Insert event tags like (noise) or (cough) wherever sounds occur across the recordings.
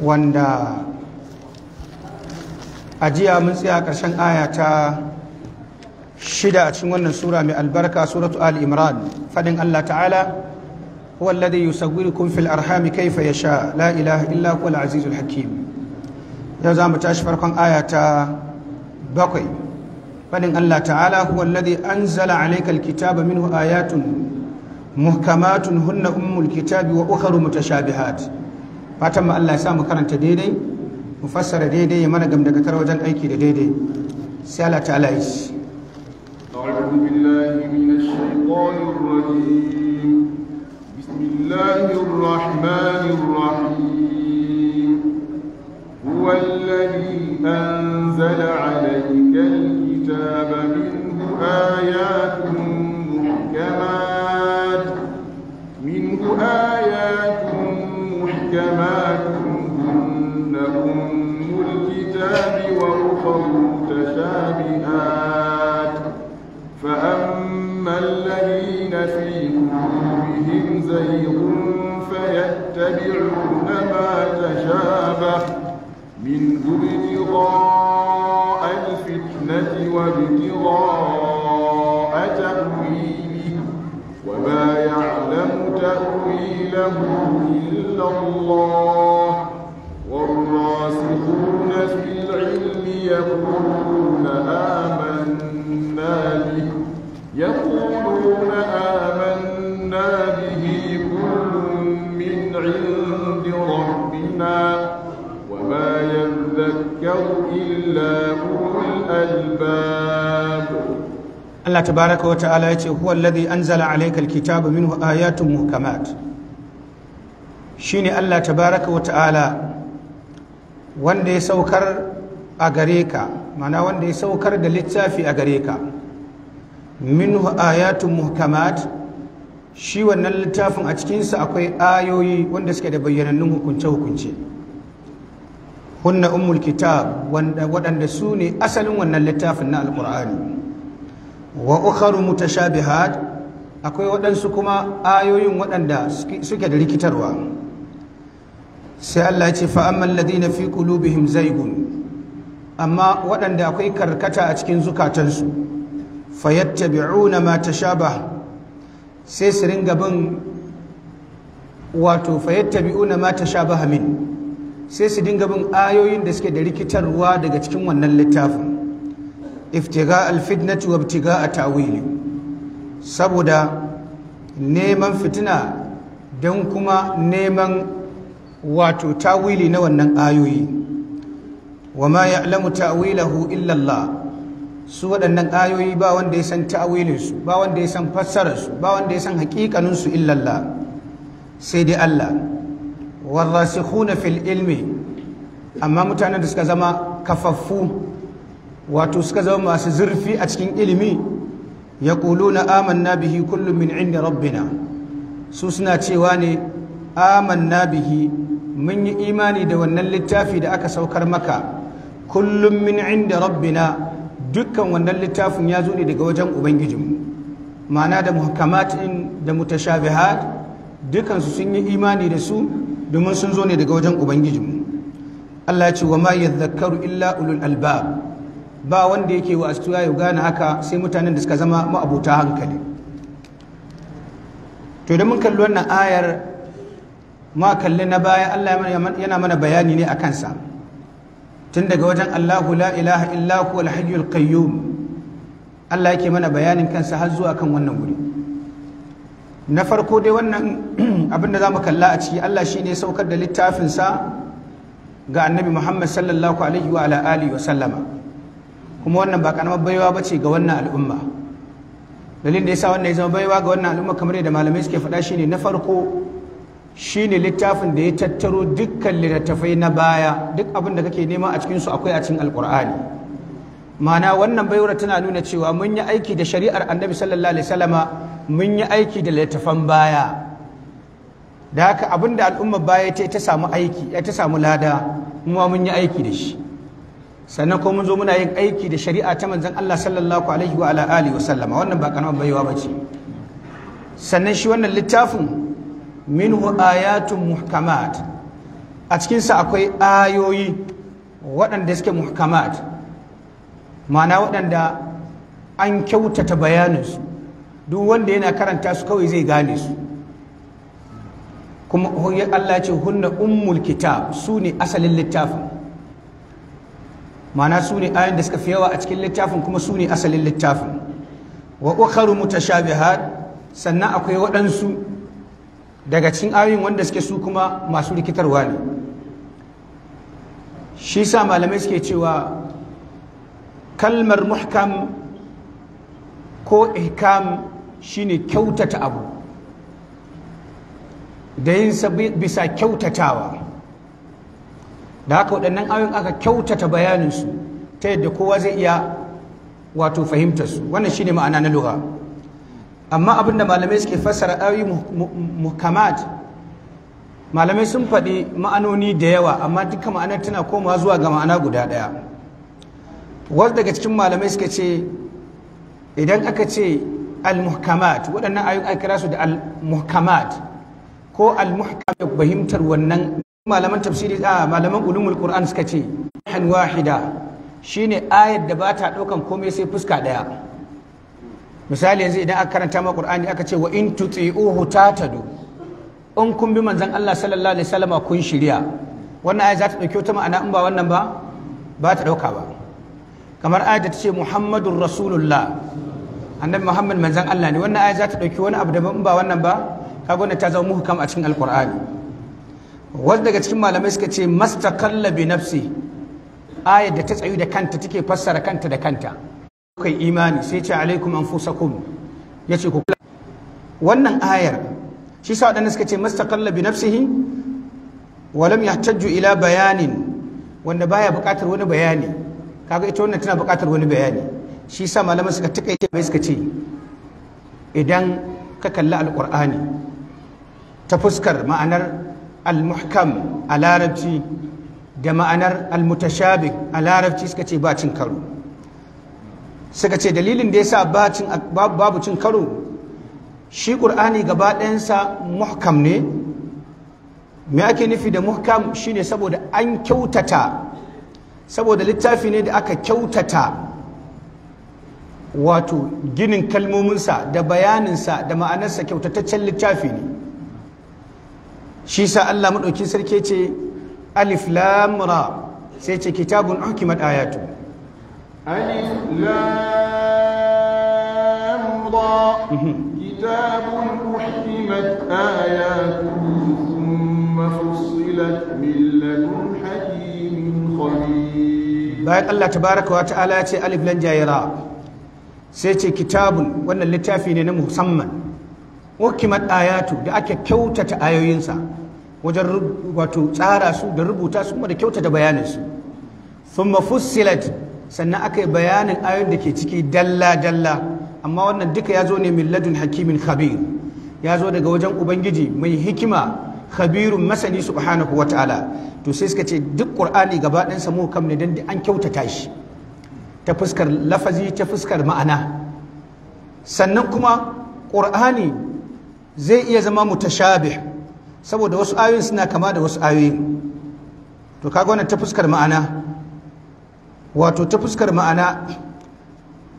wanda a jiya mun tsaya ƙarshen aya ta shida a cikin wannan sura mai albarka suratu al imran fadin Allah ta'ala huwa alladhi yusawwirukum fil arhami kayfa yasha la ilaha illa huwa al azizul hakim yau za mu tashi farkon aya ta bakwai fadin Allah ta'ala huwa alladhi anzala alayka al kitaba minhu ayatun muhkamatun hunna ummul kitabi wa ukhra mutashabihat fatan mu Allah ya sa mu karanta daidai mu fassara daidai ya mana gamdagatar wajen aiki da daidai sai Allah ta'ala ya ci أعوذ بالله من الشيطان الرجيم بسم الله الرحمن الرحيم هو الذي أنزل عليك الكتاب منه آيات محكمات منه آيات زيغ فيتبعون ما تشابه منه ابتغاء الفتنة وابتغاء تأويله وما يعلم تأويله إلا الله والراسخون في العلم يقولون آمنا به يقولون آمنا Allah ta baraka إلا أولو الألباب الله تبارك وتعالى هو الذي أنزل عليك الكتاب منه آيات Shi ne Allah ta baraka wa ta'ala wanda ya saukar a gare ka mana wanda ya saukar da littafi a gare ka Min minhu ayatun muhkamat shi wannan littafin a cikinsa akwai ayoyi wanda suke da bayyanannun hukunce-hukunce hunna umul kitab waɗanda su ne asalin wannan littafin na alƙur'ani wa ukharu mutashabihat akwai waɗansu kuma ayoyin waɗanda suke da rikitarwa sai Allah ya ce fa amman ladina fi qulubihim zaygun amma waɗanda akwai karkata a cikin zukatansu fayattabi'una ma tashabaha sai su ringa bin wato fayattabi'una ma tashabaha min sai su dinga bin ayoyin da suke da rikitarwa daga cikin wannan littafin iftiga alfitnatu wa iftiga a tawili saboda neman fitina don kuma neman wato tawili na wannan ayoyi wa ma ya'lamu ta'wilahu illa Allah su waɗannan ayoyi ba wanda ya san ta'wilinsu ba wanda ya san fassararsu ba wanda ya san hakikaninsu illa sai dai Allah warrasikhuna fil ilmi amma mutanen da suka zama kafaffu wato suka zama masu zurfi a cikin ilimi na amanna bihi kullum min inda rabbina su suna cewa ne amanna bihi mun yi imani da wannan littafi da aka saukar maka kullum min inda rabbina dukkan wannan littafin ya zo ne daga wajen ubangijinmu ma'ana da muhakamatin da mutashabihat dukansu sun yi imani da su domin sun zo ne daga wajen ubangijinmu Allah ya ce wa ma yadhakkaru illa ulul albab ba wanda yake wa astuwa ya gane haka sai mutanen da suka zama ma'abuta hankali to idan mun kalli wannan ayar ma kalli na baya Allah yana mana bayani ne a kansa tun daga wajen Allahu la ilaha illa huwal hayyul qayyum Allah yake mana bayanin kansa har zuwa kan wannan guri na farko dai wannan (clears throat) abin da za mu kalla a ciki Allah shi ne saukar da littafinsa ga annabi Muhammad sallallahu alaihi wa ala'ali wa sallama kuma wannan ba karamar baiwa ba ce ga wannan al'umma dalilin da ya sa wannan ya zama baiwa ga wannan al'umma kamar yadda malamai suke faɗa ne na farko shi ne littafin da ya tattaro dukkan littattafai na baya duk abin da kake nema a cikinsu akwai a cikin alkur'ani ma'ana wannan baiwar tana nuna cewa mun yi aiki da shari'ar annabi sallallahu alaihi wasallama mun yi aiki da littafan baya da haka abinda al'ummar baya ta ta samu aiki ya ta samu lada kuma mun yi aiki da shi sannan ko mun zo muna yin aiki da shari'a ta manzon Allah sallallahu alaihi wa alihi wasallama wannan ba karamar baiwa bace sannan shi wannan littafin minhu ayatun muhkamat a sa akwai ayoyi waɗanda suke muhkamat ma'ana waɗanda an kyautata bayaninsu duk wanda yana karanta su kawai zai gane su kuma Allah ce hunna ummul kitab su ne asalin littafin ma'ana su ne ayin da suka fi yawa a cikin littafin kuma su ne asalin littafin wa ukharu mutashabihat sannan akwai waɗansu daga cikin ayoyin wanda suke su kuma masu rikitarwa ne shi sa malamai suke cewa kalmar muhkam ko ihkam shine kyautata abu da yin bisa kyautatawa da haka waɗannan ayoyin aka kyautata bayaninsu ta yadda kowa zai iya wato fahimtarsu wannan shine ma'ana na lura amma abinda malamai suke fassara ayoyi muhkamat malamai sun faɗi ma'anoni da yawa amma duka ma'anar tana komawa zuwa ga ma'ana guda ɗaya wasu daga cikin malamai suka ce idan aka ce al-muhkamat waɗannan ayyuka aka kira su da al-muhkamat ko al da fahimtar wannan malaman tafsiri a ah, malaman ulumul qur'an suka ce han wahida shine ayar da ba ta ɗaukan komai sai fuska ɗaya misali yanzu idan aka karanta ma qur'ani aka ce wa in tuti'uhu tatadu in kun bi manzon Allah sallallahu alaihi wasallama kun shirya wannan ayar za ta ɗauki wata ma'ana in ba wannan ba ba ta ɗauka ba kamar ayat ta ce muhammadun rasulullah annabi muhammad manzan allah ne wannan ayat za ta ɗauki wani abu daban ba wannan ba kaga wannan ta zama muhkam a cikin alqur'ani wasu daga cikin malamai suka ce mastakalla bi nafsi ayat da ta tsayu da kanta take fassara kanta da kanta kai imani sai ce alaikum anfusakum yace ku wannan ayar shi sa waɗanda suka ce mastaqalla bi nafsihi wa lam yahtaju ila bayanin wanda baya buƙatar wani bayani kaga ita wannan tana buƙatar wani bayani shi sa malaman suka ita bai suka ce idan ka kalli alƙur'ani ta fuskar ma'anar al-muhkam a larabci da ma'anar al-mutashabih a larabci suka ce ba karo suka ce dalilin da ya sa babu cin karo shi ƙur'ani gaba ɗayansa muhkam ne me ake nufi da muhkam shine saboda an kyautata saboda littafi ne da aka kyautata wato ginin kalmominsa da bayaninsa da ma'anarsa kyautataccen littafi ne shi sa Allah maɗauki sarki ce alif Lamura, sai ce kitabun hukimat ayatu alif Lamura, kitabun hukimat ayatu thumma fussilat min bayan Allah tabaraka wa ta'ala ya ce alif lan jayira sai ce kitabun wannan littafi ne na musamman hukimat ayatu da ake kyautata ayoyinsa wajen wato tsara su da rubuta su kuma da kyautata bayanin su thumma fussilat sannan aka yi bayanin ayoyin da ke ciki dalla dalla amma wannan duka ya zo ne min ladun hakimin khabir ya zo daga wajen ubangiji mai hikima khabirun masani subhanahu wa ta'ala to sai suka ce duk qur'ani gaba ɗansa mu kam ne dan an kyautata shi ta fuskar lafazi ta fuskar ma'ana sannan kuma qur'ani zai iya zama mutashabih saboda wasu ayoyin suna kama da wasu ayoyin to kaga wannan ta fuskar ma'ana wato ta fuskar ma'ana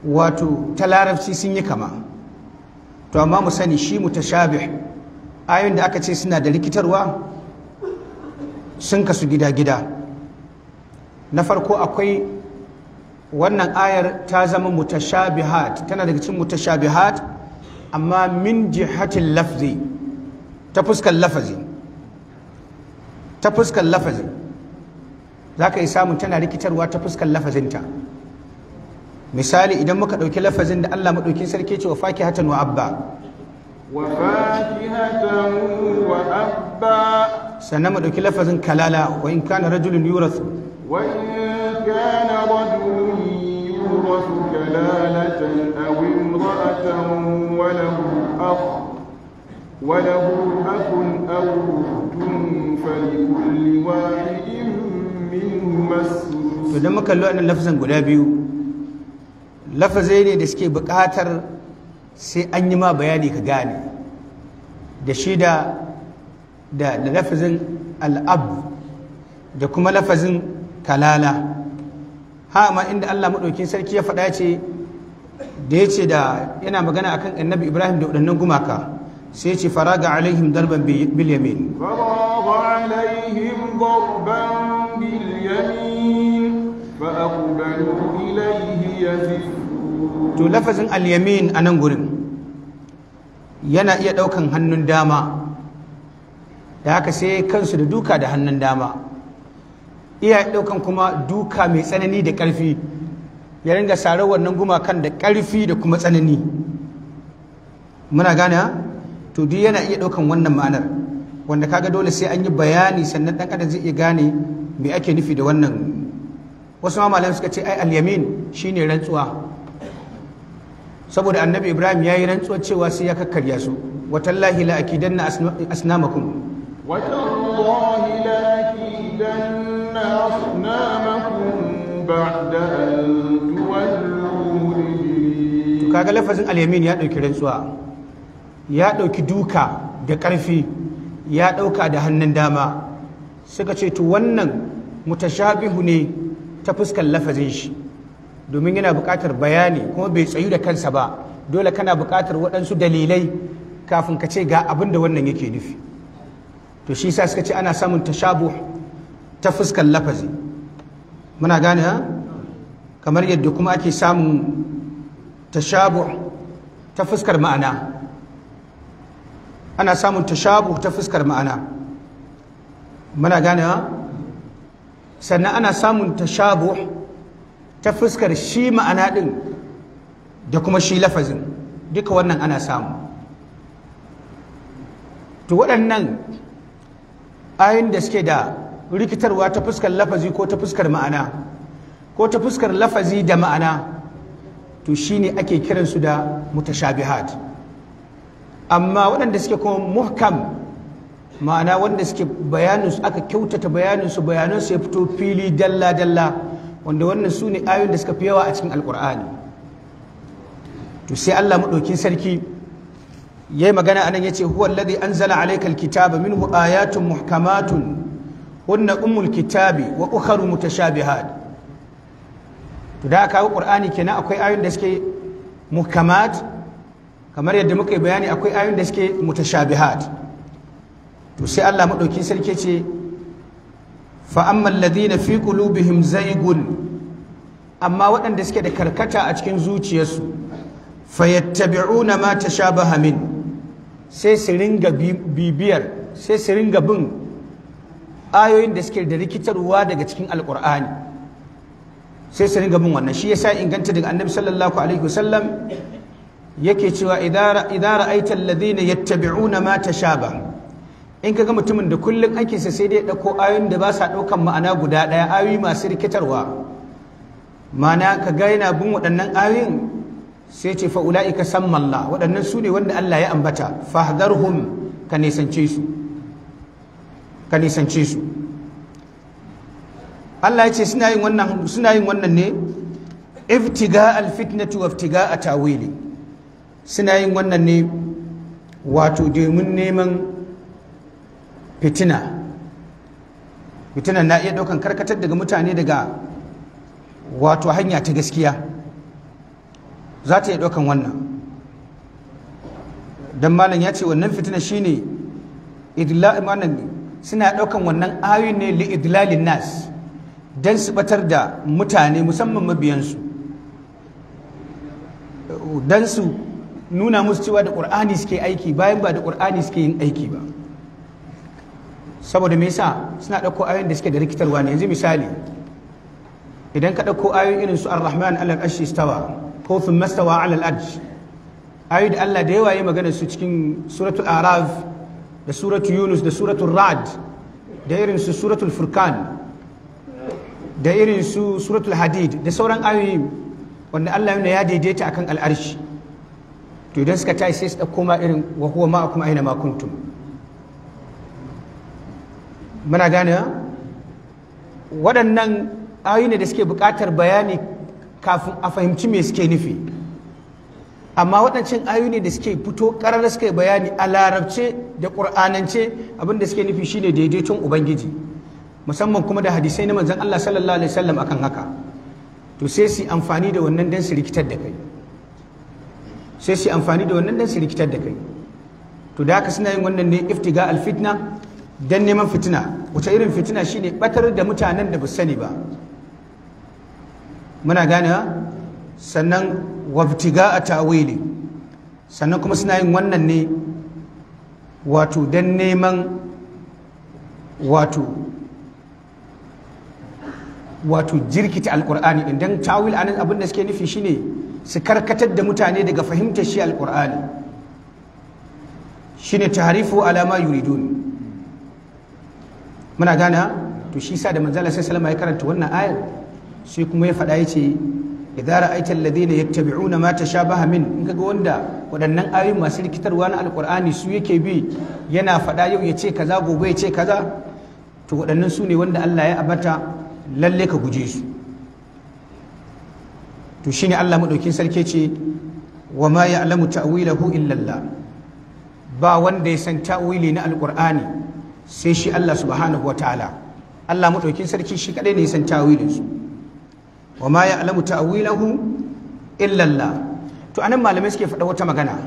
wato ta larabci sun yi kama to amma mu sani shi mutashabih ayoyin da aka ce suna da rikitarwa sun kasu gida-gida na farko akwai wannan ayar ta zama mutashabihat tana daga cikin mutashabihat amma min jihatin lafzi ta fuskar lafazi ta fuskar lafazi za ka yi samun tana rikitarwa ta fuskar lafazinta misali idan muka ɗauki lafazin da allah maɗaukin sarki ce wa faki hatan wa abba sannan mu ɗauki lafazin kalala wa in kana rajulun yurasu wa in kana rajulun yurasu kalalatan aw imra'atan wa lahu akh wa lahu akhun aw ukhtun falikulli wahidin minhum as to dan muka guda biyu lafazai ne da suke buƙatar sai an yi ma bayani ka gane da shi da lafazin al'ab da kuma lafazin kalala ha ma inda Allah maɗaukin sarki ya faɗa ce da ya ce da yana magana akan annabi Ibrahim da waɗannan gumaka sai ya ce ga alaihim darban bil yamin faraga alaihim darban to lafazin al a nan gurin yana iya ɗaukan hannun dama da haka sai kansu da duka da hannun dama iya ɗaukan kuma duka mai tsanani da ƙarfi ya ringa sarar wannan gumakan da ƙarfi da kuma tsanani muna gane to duk yana iya ɗaukan wannan ma'anar wanda kaga dole sai an yi bayani sannan ɗan adam zai iya gane me ake nufi da wannan wasu ma malam suka ce ai alyamin shine rantsuwa saboda annabi ibrahim ya yi rantsuwa cewa sai ya kakkarya su watallahi la akidanna asnamakum watallahi la akidanna asnamakum ba'da an tuwallu kaga lafazin al-yamin ya dauki rantsuwa ya dauki duka da karfi ya dauka da hannun dama suka ce to wannan mutashabihu ne ta fuskar lafazin shi domin yana buƙatar bayani kuma bai tsayu da kansa ba dole kana buƙatar waɗansu dalilai kafin ka ce ga abin da wannan yake nufi to shi sa suka ce ana samun tashabu ta fuskar lafazi muna gane ha kamar yadda kuma ake samun tashabu ta fuskar ma'ana ana samun tashabu ta fuskar ma'ana muna gane ha sannan ana samun tashabu ta fuskar shi ma'ana ɗin da kuma shi lafazin duka wannan ana samu to waɗannan ayin da suke da rikitarwa ta fuskar lafazi ko ta fuskar ma'ana ko ta fuskar lafazi da ma'ana to shi ne ake kiransu da mutashabihat amma waɗanda suke kuma muhkam ma'ana wanda suke su aka kyautata bayaninsu bayanansu ya fito fili dalla-dalla wanda wannan su ne ayoyin da suka fi yawa a cikin alkur'ani to sai allah maɗaukin sarki ya yi magana anan ya ce huwa anzala alayka min minhu ayatun muhkamatun hunna umul kitabi wa ukharu mutashabihat to da aka qur'ani kenan akwai ayoyin da suke muhkamat kamar yadda muka yi bayani akwai ayoyin da suke mutashabihat to sai Allah madaukin sarki ce fa ladina fi qulubihim zaygun amma waɗanda suke da karkata a cikin zuciyarsu fayattabi'una ma ta tashabaha min sai su ringa bibiyar sai su ringa bin ayoyin da suke da rikitarwa daga cikin alkur'ani sai su ringa bin wannan shi ya sa inganta daga annabi sallallahu alaihi wasallam yake cewa idara ra'aita alladhina yattabi'una ma ta sha tashabaha in ka ga mutumin da kullum aikinsa sai dai ɗauko ayoyin da ba sa ɗaukan ma'ana guda ɗaya ayoyi masu rikitarwa mana ka ga yana bin waɗannan ayoyin sai ce fa san malla waɗannan su ne wanda Allah ya ambata fahadar ka nisance su ka nisance su Allah ya ce suna yin wannan suna yin wannan ne iftiga alfitnatu wa iftiga atawili suna yin wannan ne wato domin neman fitina fitinan na iya ɗaukan karkatar daga mutane daga wato hanya ta gaskiya za ta iya ɗaukan wannan don malam ya ce wannan fitina shine idla'imanan suna ɗaukan wannan ayoyin ne li idlalin nas don su batar da mutane musamman mabiyansu don su nuna musu cewa da ƙur'ani suke aiki bayan ba da ƙur'ani suke yin aiki ba saboda me yasa suna ɗauko ayoyin da suke da rikitarwa ne yanzu misali idan ka ɗauko ayoyin irin su ar-rahman alal arshi istawa ko thumma istawa alal arsh ayoyi da Allah da yawa ya magana su cikin suratul araf da suratul yunus da suratul ra'd da irin su suratul furqan da irin su suratul hadid da sauran ayoyi wanda Allah ya daidaita akan al'arshi to idan suka tashi sai su dauko ma irin wa huwa ma'akum aina ma kuntum muna gane waɗannan ayoyi ne da suke buƙatar bayani kafin a fahimci me suke nufi amma waɗancan ayoyi ne da suke fito ƙarar suke bayani a larabce da ƙur'anance abin da suke nufi shine daidaiton ubangiji musamman kuma da hadisai na manzon Allah sallallahu alaihi wasallam akan haka to sai su amfani da wannan dan su rikitar da kai sai su amfani da wannan dan su rikitar da kai to da haka suna yin wannan ne iftiga alfitna don neman fitina wace irin fitina shine batar da mutanen da sani ba muna gane sannan wabtiga a tawili sannan kuma suna yin wannan ne wato don neman wato wato jirkita alkur'ani idan tawil anan abin da suke nufi shine su karkatar da mutane daga fahimtar shi alkur'ani shine tahrifu alama yuridun muna gana to shi sa da manzala sai salama ya karanta wannan ayar sai kuma ya faɗa ya ce idza ra'aita alladhina yattabi'una ma tashabaha min in kaga wanda waɗannan ayoyi masu rikitarwa na alqur'ani su yake bi yana faɗa yau ya ce kaza gobe ya ce kaza to waɗannan su ne wanda Allah ya abata lalle ka guje su to shine Allah madaukin sarki ce wa ma ya'lamu ta'wilahu illa Allah ba wanda ya san ta'wili na alqur'ani sai shi Allah subhanahu ta'ala Allah madaukin sarki shi kadai ne san tawilin su wa ma ya'lamu ta'wilahu illa Allah to anan malamai suke faɗa wata magana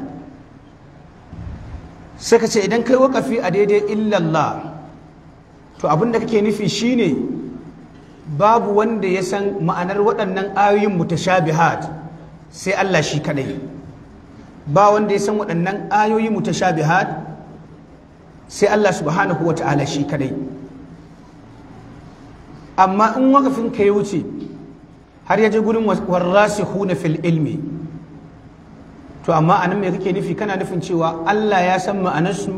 sai ka ce idan kai wakafi a daidai illallah to abin da kake nufi shine babu wanda ya san ma'anar waɗannan ayoyin mutashabihat sai Allah shi kadai ba wanda ya san waɗannan ayoyin ayoyi mutashabihat sai Allah subhanahu wa ta'ala shi kadai amma in wakafin ka ya wuce har ya je gurin huna fil ilmi to amma anan me kake nufi kana nufin cewa Allah ya san ma'anarsu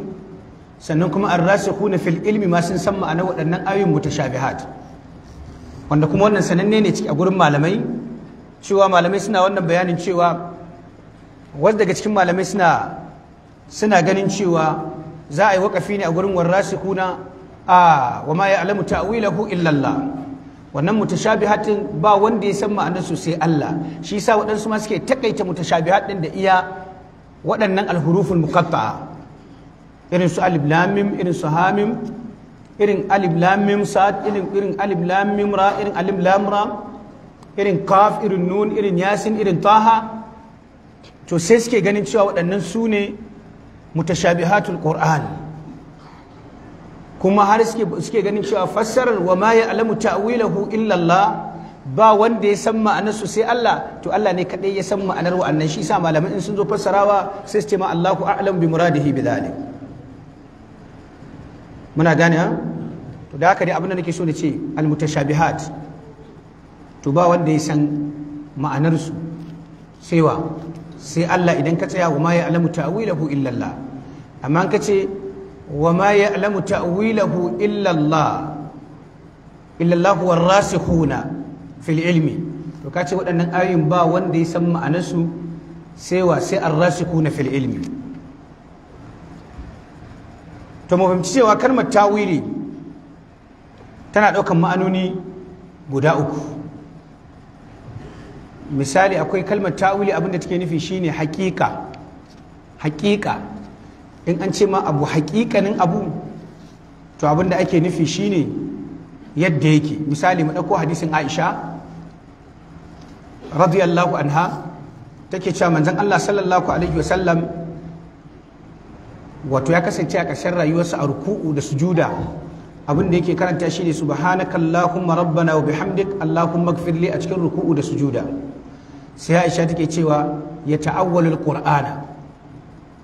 sannan kuma huna fil ilmi ma sun san ma'anar waɗannan ayoyin mutashabihat wanda kuma wannan sananne ne a gurin malamai cewa malamai suna wannan bayanin cewa wasu daga cikin malamai suna suna ganin cewa za a yi waƙafi ne a gurin kuna, a wa ma ya'lamu ta'wilahu ku illallah. wannan mutashabihatin ba wanda ya san ma'anar su sai Allah shi yasa waɗansu ma suke takaita mutashabihat din da iya waɗannan alhurufin muqatta'a irin su alif lam mim irin su irin alif lam mim sad irin irin alif lam mim ra irin alif lam ra irin kaf irin nun irin yasin irin taha to sai suke ganin cewa waɗannan su ne mutashabihatul qur'an kuma har suke ganin cewa fassarar wa ma ya'lamu ta'wilahu illa ba wanda ya san ma'anar sai Allah to Allah ne kadai ya san ma'anar wa'annan shi sa malamai in sun zo fassarawa sai su ce ma a'lam bi muradihi bidhalik muna gane ha to da haka dai abin da nake so na ce al mutashabihat to ba wanda ya san ma'anarsu su sai wa sai Allah idan ka tsaya wa ma ya alamu ta'wilahu illa amma ka ce wa ma ya alamu ta'wilahu illa illallah huwa rasikhuna fil ilmi to ka ce waɗannan ayoyin ba wanda ya san ma'anarsu sai wa sai ar-rasikhuna fil ilmi to mu fahimci cewa kalmar tawili tana ɗaukan ma'anoni guda uku misali akwai kalmar ta'wili abinda take nufi shine hakika hakika in an ce ma abu hakikanin abu to abinda ake nufi shine yadda yake misali mu ɗauko hadisin aisha radiyallahu anha take cewa manzon allah sallallahu alaihi wasallam wato ya kasance a ƙarshen rayuwarsa a ruku'u da sujuda abin da yake karanta shine subhanakallahumma rabbana wa bihamdik allahumma ighfirli a cikin ruku'u da sujuda sai aisha take cewa ya ta'awwalul qur'ana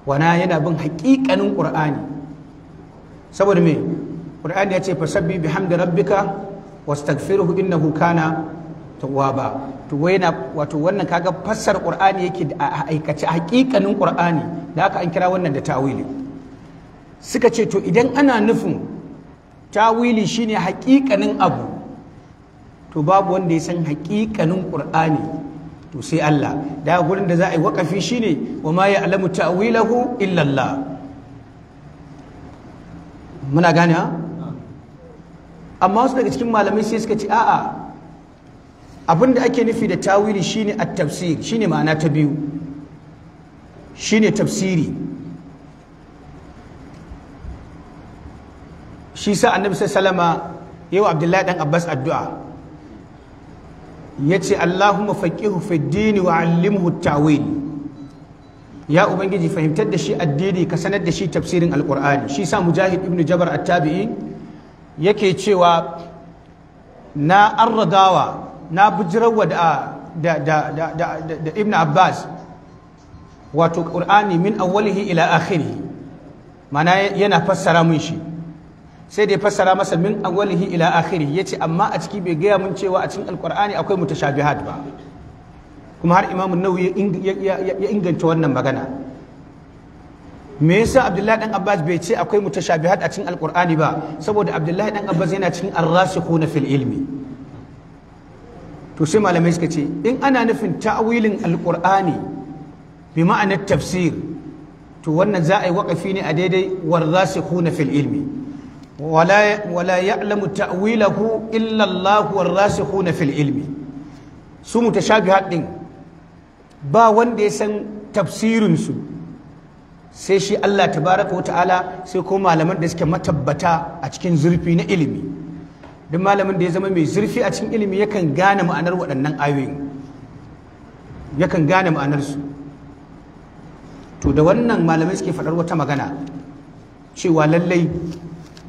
wana yana bin haƙiƙanin qur'ani saboda me qur'ani ya ce fasabbi bihamdi rabbika wastaghfiruhu innahu kana tawwaba to na wato wannan kaga fassar qur'ani yake a aikace haƙiƙanin qur'ani da aka an kira wannan da ta'wili suka ce to idan ana nufin ta'wili shine haƙiƙanin abu to babu wanda ya san haƙiƙanin qur'ani to sai Allah da gurin da za a yi wakafi shine wa ma ya ya'lamu ta'wilahu illa Allah muna gane ha amma wasu daga cikin malamai sai suka ce a'a abin da ake nufi da tawili shine at-tafsir shine ma'ana ta biyu shine tafsiri shi sa annabi sallallahu alaihi wasallama yau abdullahi dan abbas addu'a yace Allahumma faqihu fid dini wa 'allimhu tawil ya ubangiji fahimtar da shi addini ka sanar da shi tafsirin alqur'ani shi sa mujahid ibnu jabar at-tabi'i yake cewa na arradawa na bujirawa da da da da da ibn abbas wato qur'ani min awwalihi ila akhirih mana yana fassara mun shi sai da ya fassara masa min awwalihi ila akhirih yace amma a ciki bai gaya mun cewa a cikin alqur'ani akwai mutashabihat ba kuma har imam an-nawawi ya inganta wannan magana me yasa abdullahi dan abbas bai ce akwai mutashabihat a cikin alqur'ani ba saboda abdullahi dan abbas yana cikin ar-rasikhuna fil ilmi to sai malamai suka ce in ana nufin ta'wilin alqur'ani bi ma'anar tafsir to wannan za a yi waƙafi ne a daidai warrasikhuna fil ilmi wala ya'lamu ta'wilahu wa Allah ku na fil ilmi su shafi haɗin ba wanda ya san tafsirinsu sai shi Allah tabaraka wa ta'ala sai ko malaman da suke matabbata a cikin zurfi na ilimi don malamin da ya zama mai zurfi a cikin ilimi yakan gane ma'anar waɗannan ayoyin yakan gane ma'anar su to da wannan malamai suke faɗar wata magana cewa lallai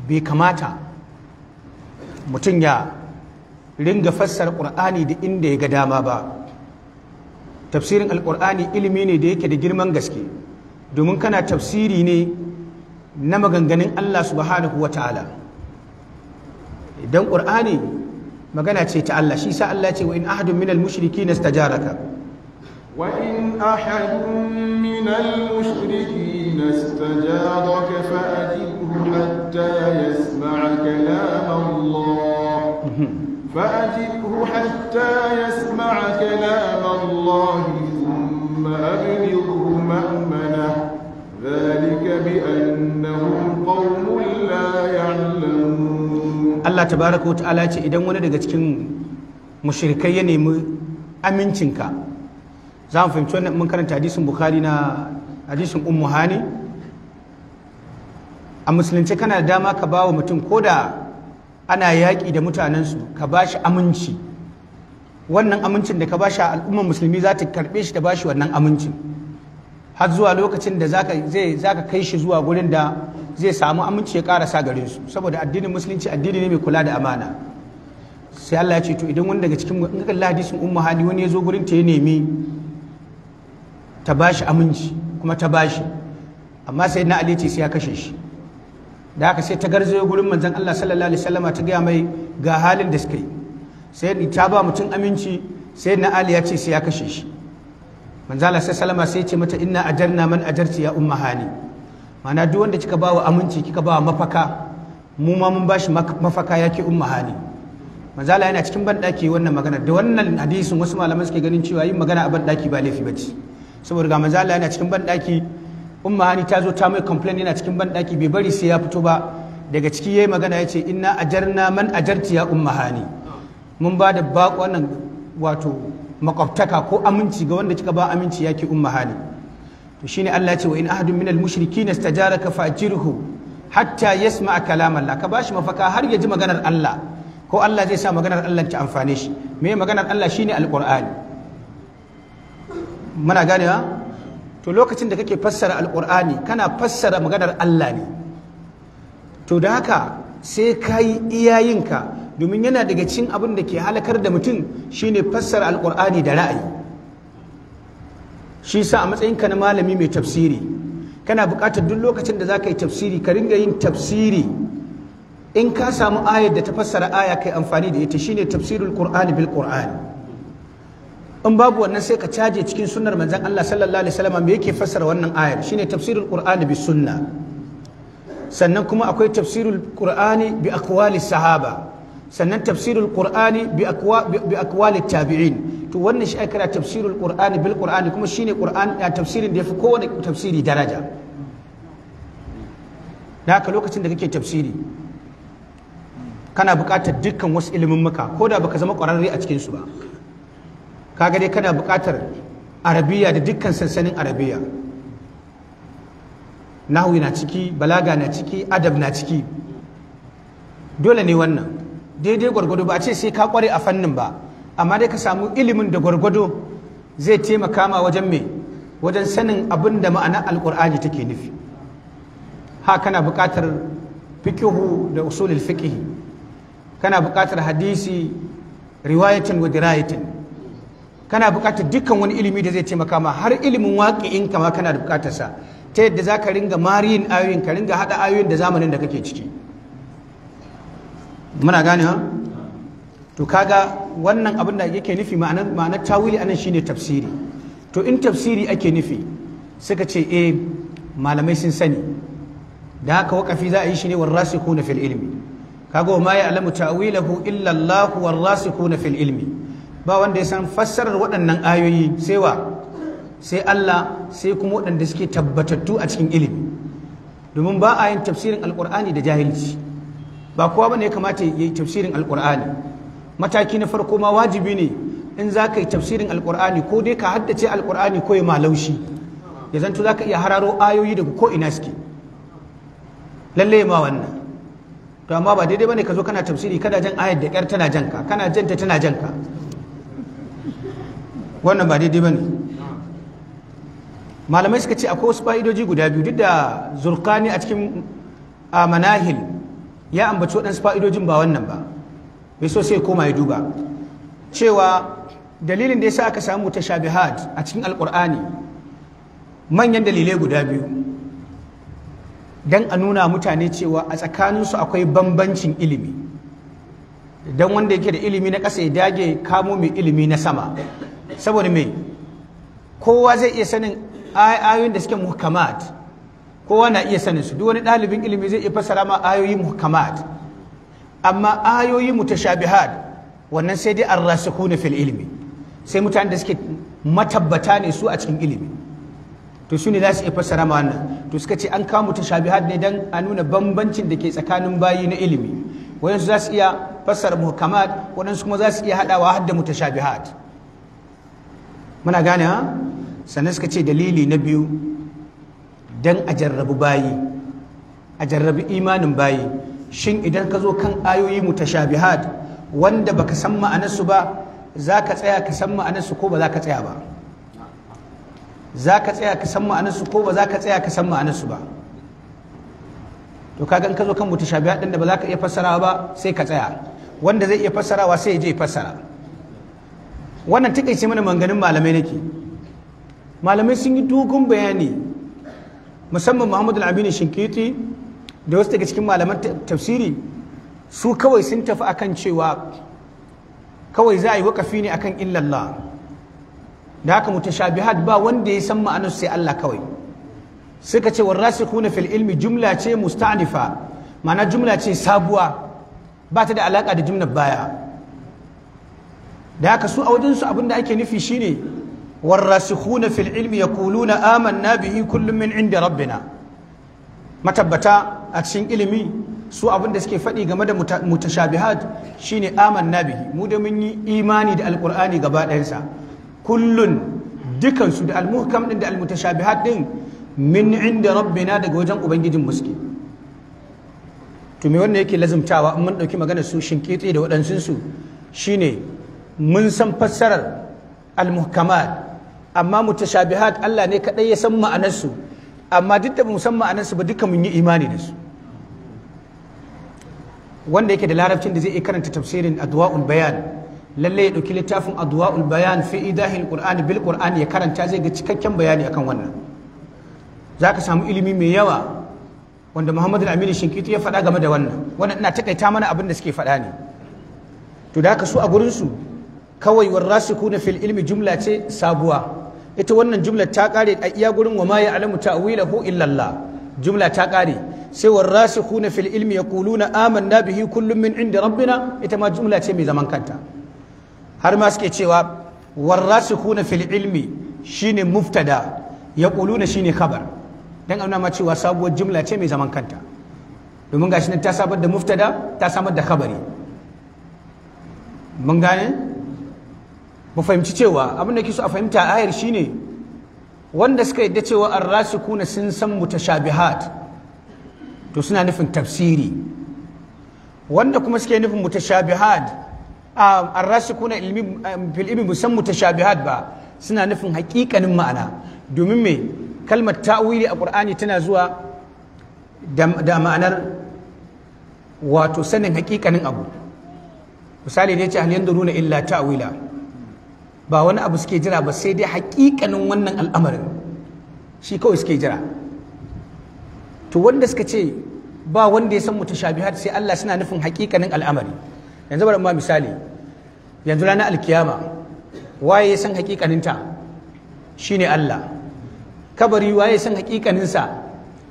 bai kamata mutum ya ringa fassar ƙur'ani da inda ya ga dama ba tafsirin alƙur'ani ilimi ne da yake da girman gaske domin kana tafsiri ne na maganganun allah subhanahu wa ta'ala idan ƙur'ani magana ce ta allah shi sa allah ce wa in ahadun minal mushriki na stajaraka wa in ahadun minal mushriki na stajaraka fa'ajibu حتى يسمع كلام الله فأجبه حتى يسمع daga cikin mushrikai ya nemi ka za fahimci wannan mun karanta bukhari na hadisin ummu hani a musulunci kana da dama ka ba wa mutum ko da ana yaƙi da mutanensu ka ba shi aminci wannan amincin da ka ba shi a al'ummar musulmi za ta karɓe shi da ba shi wannan amincin har zuwa lokacin da za ka kai shi zuwa gurin da zai samu aminci ya kara sa gare su saboda addinin musulunci addini ne mai kula da amana sai Allah ya ce to idan wani daga cikin in Allah hadisin ummu hali wani ya zo gurin ta ya nemi ta ba shi aminci kuma ta ba shi amma sai na Ali ce sai ya kashe shi da haka sai ta garzayo gurin manzon Allah sallallahu alaihi wasallama ta gaya mai ga halin da suke sai ta ba mutum aminci sai na Ali ya ce sai ya kashe shi manzon Allah sallallahu alaihi sai ce mata inna ajarna man ajarti ya umma hani mana duk wanda kika ba wa aminci kika ba wa mafaka mu ma mun bashi mafaka yake umma hani manzon Allah yana cikin banɗaki wannan magana da wannan hadisin wasu malaman suke ganin cewa yin magana a banɗaki ba laifi bace saboda ga manzon Allah yana cikin banɗaki umma hani ta zo ta mai complain yana cikin banɗaki bai bari sai ya fito ba daga ciki yayi magana ya ce inna ajarna man ajarti ya umma hani mun ba da wannan wato makwabtaka ko aminci ga wanda kika ba aminci yake umma hani to shine Allah ya ce wa in ahadun al mushrikin istajaraka fa'jirhu hatta yasma'a kalam Allah ka bashi mafaka har ya ji maganar Allah ko Allah zai sa maganar Allah ta amfane shi me maganar Allah shine alqur'ani muna ganewa to lokacin da kake fassara alkur'ani kana fassara maganar Allah ne to da haka sai ka yi iyayenka domin yana daga cikin abin da ke halakar da mutum shine fassara alkur'ani da ra'ayi shi sa a matsayinka na malami mai tafsiri kana buƙatar duk lokacin da za ka yi tafsiri ka ringa yin tafsiri in ka samu ayar da ta fassara aya kai amfani da ita shine tafsirul qur'ani bil qur'ani in babu wannan sai ka caje cikin sunnar manzon Allah sallallahu alaihi wasallam me yake fassara wannan ayar shine tafsirul qur'ani bi sunna sannan kuma akwai tafsirul qur'ani bi aqwali sahaba sannan tafsirul qur'ani bi aqwa bi aqwali tabi'in to wannan shi aikara tafsirul qur'ani bil qur'ani kuma shine qur'an ya tafsirin da yafi kowane tafsiri daraja da haka lokacin da kake tafsiri kana buƙatar dukkan wasu ilimin muka ko da baka zama ƙwararre a cikinsu ba kaga dai kana bukatar arabiya da dukkan sansanin arabiya nahwi na ciki balaga na ciki adab na ciki dole ne wannan daidai gwargwado ba a ce sai ka kware a fannin ba amma dai ka samu ilimin da gwargwado zai taimaka ma wajen mai wajen sanin abin da ma'ana alkur'ani take nufi ha kana bukatar fikihu da usulul fiqh kana bukatar hadisi riwayatin wa dirayatin kana buƙatar dukkan wani ilimi da zai taimaka ma har ilimin waƙi in kama kana da buƙatar sa ta yadda za ka ringa mariyin ayoyin ka ringa haɗa ayoyin da zamanin da kake ciki muna gane ha to kaga wannan abin da yake nufi ma'anar tawili anan shine tafsiri to in tafsiri ake nufi suka ce eh malamai sun sani da haka waƙafi za a yi shi ne na fil ilmi kaga wa ma ya'lamu ta'wilahu illa Allah na fil ilmi ba wanda ya san fassarar waɗannan ayoyi sai wa sai Allah sai kuma waɗanda suke tabbatattu a cikin ilimi domin ba a yin tafsirin alƙur'ani da jahilci ba kowa ba ya kamata ya yi tafsirin alƙur'ani mataki na farko ma wajibi ne in za ka yi tafsirin alƙur'ani ko dai ka haddace alƙur'ani ko ya laushi. ya zanto za ka iya hararo ayoyi daga ko ina suke lallai ma wannan to amma ba daidai ba ne ka zo kana tafsiri kana jan ayar da ƙyar tana janka kana janta tana janka wannan ba daidai ba ne malamai suka ce akwai wasu fa'idoji guda biyu duk da zurkani a cikin manahil ya ambaci waɗansu fa'idojin ba wannan ba bai so sai koma ya duba cewa dalilin da ya sa aka samu ta shabihad a cikin alƙur'ani manyan dalilai guda biyu don a nuna mutane cewa a tsakaninsu akwai bambancin ilimi don wanda yake da ilimi na ƙasa ya dage kamo mai ilimi na sama saboda me kowa zai iya sanin ayoyin da suke muhkamat kowa na iya sanin su duk wani ɗalibin ilimi zai iya fassara ma ayoyi muhkamat amma ayoyi mutashabihat wannan sai dai ar-rasikhuna fil ilmi sai mutanen da suke matabbata ne su a cikin ilimi to su ne za su iya fassara ma wannan to suka ce an kawo mutashabihat ne dan a nuna bambancin da ke tsakanin bayi na ilimi waɗansu za su iya fassara muhkamat waɗansu kuma za su iya haɗawa har da mutashabihat muna gane ha sannan suka ce dalili na biyu don a jarrabu bayi a jarrabi imanin bayi shin idan ka zo kan ayoyi mu mutashabihat wanda baka san ma'anarsu ba za ka tsaya ka san ma'anarsu ko ba za ka tsaya ba za ka tsaya ka san ma'anarsu ko ba za ka tsaya ka san ma'anarsu ba to kaga in ka zo kan mutashabihat din da ba za ka iya fassarawa ba sai ka tsaya wanda zai iya fassarawa sai ya je fassara wannan takaice mana manganin malamai nake malamai sun yi dogon bayani musamman muhammadu al-aminu shinkiti da wasu daga cikin malaman tafsiri su kawai sun tafi akan cewa kawai za a yi wakafi ne akan illallah da haka mutashabihat ba wanda ya san ma'anar sai Allah kawai suka ce na fil ilmi jumla ce musta'nifa ma'ana jumla ce sabuwa ba ta da alaka da jumlar baya da haka su a su abin da ake nufi shine warrasikhuna fil ilmi yaquluna amanna bihi kullum min inda rabbina matabbata a cikin ilimi su abin da suke faɗi game da mutashabihat shine amanna bihi mu da mun yi imani da alqur'ani gaba ɗayansa kullun dukansu da almuhkam din da almutashabihat din min inda rabbina daga wajen ubangijin muske to me wannan yake lazumtawa in mun dauki magana su shinkitsi da waɗansunsu shine mun san fassarar al-muhkamat amma mutashabihat Allah ne kadai ya san ma'anarsu amma duk da mu san ma'anar su ba duka mun yi imani da su wanda yake da larabcin da zai iya karanta tafsirin adwa'ul bayan lalle ya dauki littafin adwa'ul bayan fi idahil qur'ani bil qur'ani ya karanta zai ga cikakken bayani akan wannan zaka samu ilimi mai yawa wanda Muhammad al amin Shinkiti ya faɗa game da wannan wannan ina takaita mana abin da suke faɗa ne to da haka su a gurin su kawai warrasikuna fil ilmi jumla ce sabuwa ita wannan jumla ta kare a iya gurin wa ma ya'lamu ta'wilahu illa Allah jumla ta kare sai warrasikuna fil ilmi yaquluna amanna bihi kullum min inda rabbina ita ma jumla ce mai zaman kanta har ma suke cewa warrasikuna fil ilmi shine muftada yaquluna shine khabar dan ana ma cewa sabuwar jumla ce mai zaman kanta domin gashi nan ta samar da muftada ta samar da khabari mun gane mu fahimci cewa abin da ke so a fahimta a ayar shine wanda suka yadda cewa arrasikuna sun san mutashabihat to suna nufin tafsiri wanda kuma suke nufin mutashabihat arrasikuna ilmi fil ilmi musan mutashabihat ba suna nufin hakikanin ma'ana domin me kalmar ta'wili a qur'ani tana zuwa da ma'anar wato sanin hakikanin abu misali ne ce hal yanzuruna illa ta'wila ba wani abu suke jira ba sai dai hakikanin wannan al'amarin shi kawai suke jira to wanda suka ce ba wanda ya san mutashabihat sai Allah suna nufin hakikanin al'amari yanzu bari ma misali yanzu ranar alkiyama waye ya san ta shine Allah kabari waye ya san sa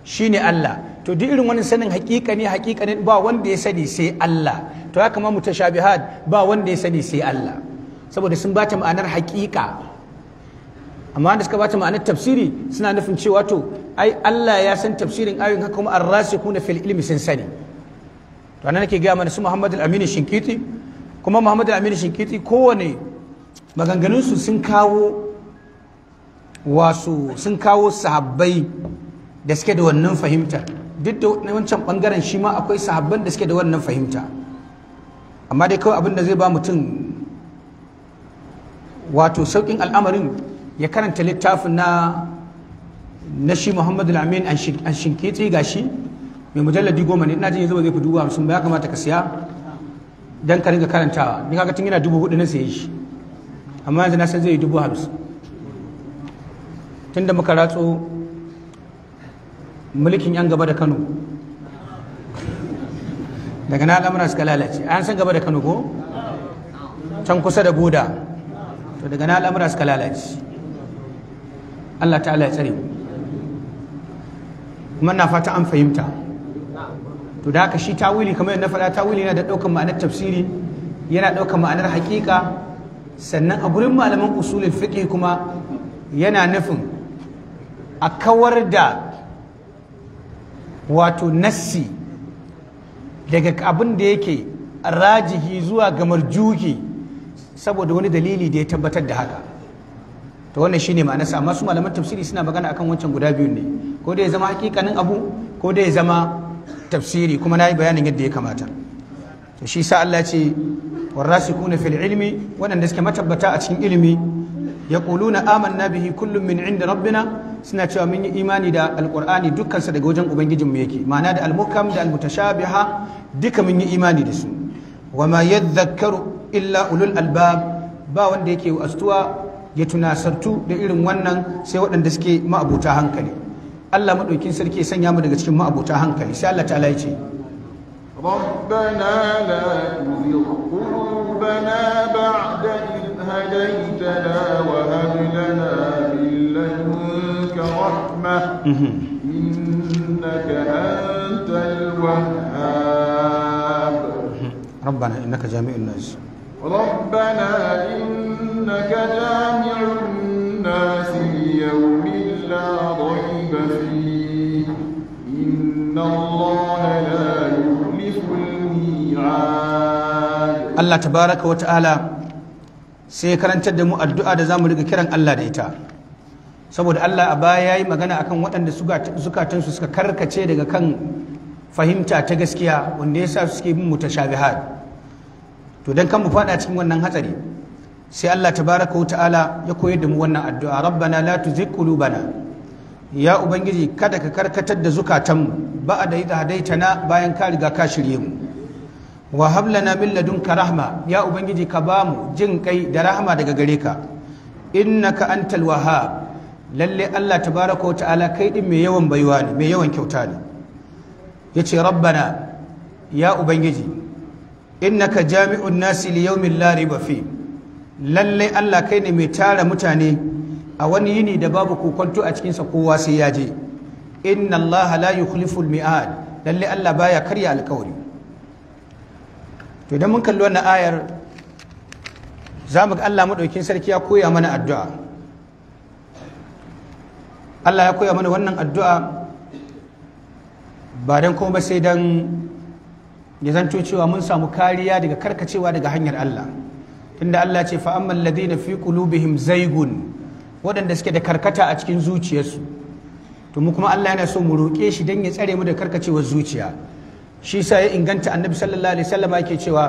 shine Allah to duk irin wani sanin hakikani hakikanin ba wanda ya sani sai Allah to ya kama mutashabihat ba wanda ya sani sai Allah saboda sun bata ma'anar haƙiƙa amma da suka bata ma'anar tafsiri suna nufin cewa to ai Allah ya san tafsirin ayoyin haka kuma ar na fil ilmi sun sani to anan nake ga mana su Muhammad al-Amin Shinkiti kuma Muhammad al-Amin Shinkiti kowane maganganun su sun kawo wasu sun kawo sahabbai da suke da wannan fahimta duk da wancan bangaren shi ma akwai sahabban da suke da wannan fahimta amma dai kawai abin da zai ba mutum wato sauƙin al'amarin ya karanta littafin na na shi muhammadu al-amin an shinkitsi gashi mai mujalladi goma ne ina jin yanzu ba zai fi dubu hamsin ba ya kamata ka siya don ka ringa karantawa ni kaga tun yana dubu hudu na sai shi amma yanzu na san zai yi dubu hamsin da muka ratso mulkin yan gaba da kano daga na al'amura suka lalace an san gaba da kano ko can kusa da boda to daga na al'amura suka lalace Allah ta'ala ya tsare mu kuma na fata an fahimta to da haka shi tawili kamar yadda na faɗa tawili yana da ɗaukar ma'anar tafsiri yana ɗaukar ma'anar hakika sannan a gurin malaman usulul fiqh kuma yana nufin a kawar da wato nassi daga abin da yake rajihi zuwa gamar juki. saboda wani dalili da ya tabbatar da haka to wannan shine ma'ana sa masu malaman tafsiri suna magana akan wancan guda biyun ne ko da ya zama hakikanin abu ko da ya zama tafsiri kuma na bayanin yadda ya kamata to shi sa Allah ce warasikuna fil ilmi waɗanda suke matabbata a cikin ilimi ya na amanna bihi kullun min inda rabbina suna cewa mun yi imani da alqur'ani sa daga wajen ubangijin mu yake ma'ana da almukam da almutashabiha duka mun yi imani da su wama yadhakkaru illa ulul albab ba wanda yake astuwa ya tunasartu da irin wannan sai waɗanda suke ma'abuta hankali Allah maɗaukin sarki sanya mu daga cikin ma'abuta hankali sai Allah ta'ala ya ce ربنا لا تزغ قلوبنا بعد إذ هديتنا وهب لنا من لدنك رحمة إنك أنت ربنا إنك جامع الناس ربنا إنك جامع الناس ليوم لا ضيب فيه إن الله لا يخلف الميعاد الله تبارك وتعالى sai karantar da mu addu'a da zamu riga kiran Allah da ita saboda Allah a baya ya yi magana akan waɗanda zukatansu suka karkace daga kan fahimta ta gaskiya wanda yasa suke bin mutashabihat to dan kan mu fada cikin wannan hatsari sai Allah tabaraka ta'ala ya koyar da mu wannan addu'a rabbana la tuzigh qulubana ya ubangiji kada ka karkatar da zukatanmu ba a da idha hadaitana bayan ka riga ka shirye mu wa hab lana min ladunka rahma ya ubangiji ka ba mu jin kai da rahma daga gare ka innaka antal wahhab lalle Allah tabaraka ta'ala kai din mai yawan baiwa ne mai yawan kyauta ne yace rabbana ya ubangiji innaka jami'un nasi li yawmin la riba fi lalle Allah kai ne mai tara mutane a wani yini da babu kokonto a cikinsa kowa sai ya je inna Allah la yukhlifu al-mi'ad lalle Allah baya karya alkawari to idan mun kalli wannan ayar za mu ga Allah madaukin sarki ya koya mana addu'a Allah ya koya mana wannan addu'a ba dan kuma sai dan ya zanto cewa mun samu kariya daga karkacewa daga hanyar Allah tunda Allah ce fa amman ladina fi qulubihim zaygun waɗanda suke da karkata a cikin zuciyarsu to mu kuma Allah yana so mu roke shi dan ya tsare mu da karkacewar zuciya shi sa ya inganta annabi sallallahu alaihi wasallam yake cewa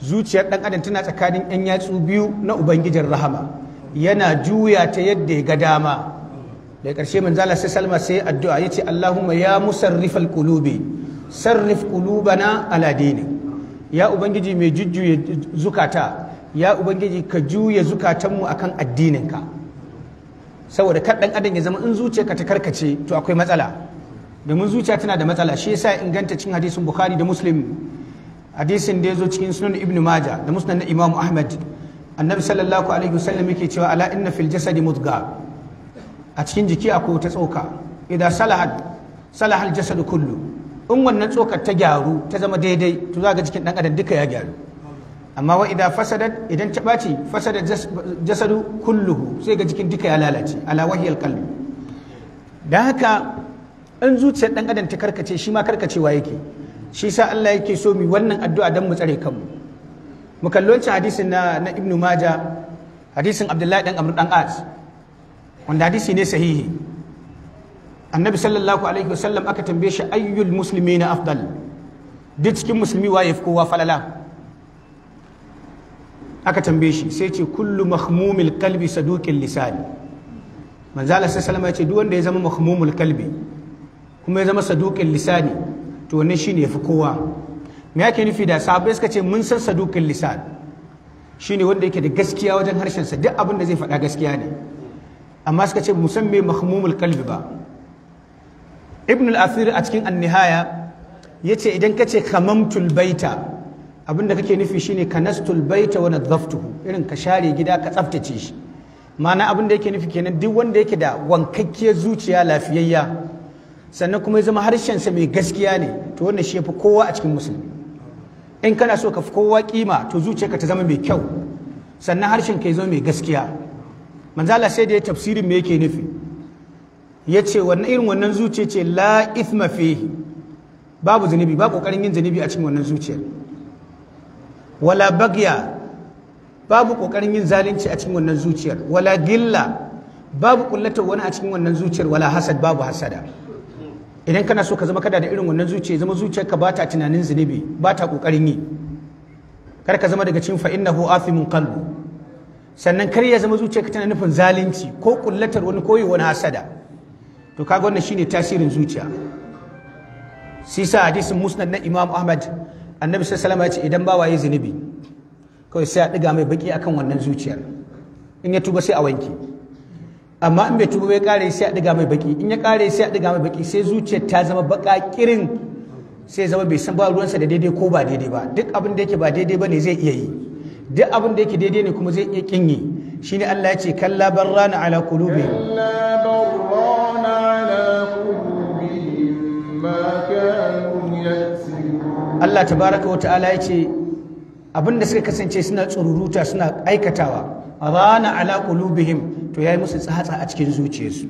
zuciyar dan adam tana tsakanin yan yatsu biyu na ubangijin rahama yana juya ta yadda ya ga dama da ƙarshe manzala sai salma sai addu'a yace Allahumma ya musarrifal qulubi sarrif ƙulubana al'adini ya ubangiji mai jujjuya zukata ya ubangiji ka juya zukatanmu akan addininka saboda kaɗan dan adam ya zama in ka ta karkace to akwai matsala domin zuciya tana da matsala shi yasa inganta cikin hadisin bukhari da muslim hadisin da ya zo cikin sunan ibn maja da musnad na imam ahmad annabi sallallahu alaihi wasallam yake cewa ala inna fil jasadi mudga a cikin jiki akwai wata tsoka idan salahat salahal jasadu kullu in wannan tsokar ta gyaru ta zama daidai to za ga jikin dan duka ya gyaru amma wa idan fasadat idan ta ɓaci fasadat jasadu kulluhu sai ga jikin duka ya lalace ala wahiyal qalbi dan haka in zuciyar ɗan adam ta karkace shi ma karkacewa yake shi sa Allah yake so mu wannan addu'a dan mu tsare kanmu mu kallonci hadisin na na ibnu Majah hadisin Abdullahi dan Amr dan As wanda hadisi ne sahihi annabi sallallahu alaihi wasallam aka tambaye shi ayyul musulmi na afdal duk cikin musulmi waye fi kowa falala aka tambaye shi sai ce kullu mahmumil kalbi saduqil lisani manzala Allah sallallahu ya ce duk wanda ya zama mahmumul kalbi kuma ya zama saduqil lisani to wannan shine yafi kowa me yake nufi da sahabbai suka ce mun san saduqil lisan shine wanda yake da gaskiya wajen harshen sa duk abin da zai faɗa gaskiya ne amma suka ce musamman mahmumul kalbi ba ibn al-asir a cikin annihaya ce idan kace kamam tulbaita abinda kake nufi shine nas tulbaita wa nadzaftuhu irin ka share gida ka tsaftace shi ma'ana abin da yake nufi kenan duk wanda yake da wankakke zuciya lafiyayya sannan kuma ya zama harshensa mai gaskiya ne to wannan shi yafi kowa a cikin musulmi in kana so ka fi kowa kima to ka ta zama mai kyau sannan harshen ka ya zama mai gaskiya manzala sai da ya tafsirin me yake nufi ya ce wannan irin wannan zuciya ce la ithma babu zunubi ba kokarin yin zunubi a cikin wannan zuciyar wala bagya babu kokarin yin zalunci a cikin wannan zuciyar wala gilla babu kullatar wani a cikin wannan zuciyar wala hasad babu hasada idan kana so ka zama kada da irin wannan zuciya zama ka ba ta tunanin zunubi ba ta kokarin yi kar ka zama daga cikin fa innahu athimun qalbu sannan kar ya zama ka tana nufin zalunci ko kullatar wani koyi wani hasada to kaga wannan shine tasirin zuciya shi sa hadisin musnad na imam ahmad annabi sallallahu alaihi ya ce idan bawa waye zunubi kawai sai a diga mai baki akan wannan zuciyar in ya tuba sai a wanke amma in bai tuba bai kare sai a diga mai baki in ya kare sai a diga mai baki sai zuciyar ta zama baka kirin sai zama bai san ba ruwansa da daidai ko ba daidai ba duk abin da yake ba daidai ba ne zai iya yi duk abin da yake daidai ne kuma zai iya kinyi shine Allah ya ce kalla rana ala qulubihim Allah tabaraka wa ta'ala ya ce abinda suka kasance suna tsururuta suna aikatawa rana ala qulubihim to yi musu tsatsa a cikin zuciyarsu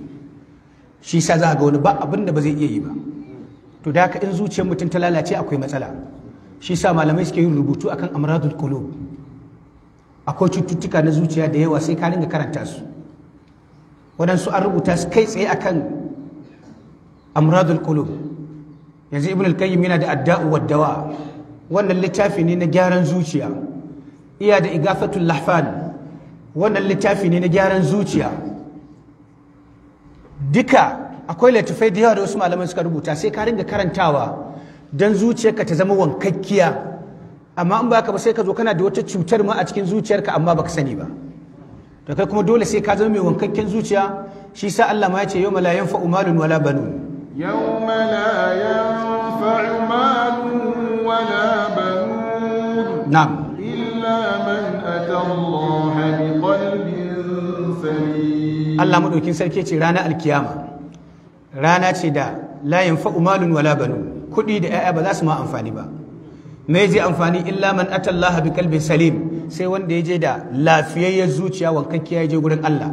shi sa za ga wani ba abinda ba zai iya yi ba to da haka in zuciyar mutum ta lalace akwai matsala shi sa malamai suke yin rubutu akan amradul qulub akwai cututtuka na zuciya da yawa sai ka dinga karanta su Wadansu an rubuta su kai tsaye akan amradul qulub yanzu ibn al kayyim yana da adda'u wa dawa wannan littafi ne na gyaran zuciya iya da igafatul lahfan wannan littafi ne na gyaran zuciya duka akwai littafai da yawa da wasu malaman suka rubuta sai ka ringa karantawa dan zuciyarka ta zama wankakkiya amma in baka ba sai ka zo kana da wata cutar ma a cikin zuciyarka amma baka sani ba to kai kuma dole sai ka zama mai wankakken zuciya shi sa Allah ma ya ce yawma la yanfa'u malun wala banun يوم لا ينفع مال ولا بنون نعم إلا من أتى الله بقلب سليم الله مدوكين سلكي ce rana alkiyama rana ce da layin yanfa'u malun wala banun kuɗi da 'ya'ya ba za su ma amfani ba me zai amfani illa man atallaha bi kalbin salim sai wanda ya je da lafiyayyar zuciya wankakkiya ya je gurin Allah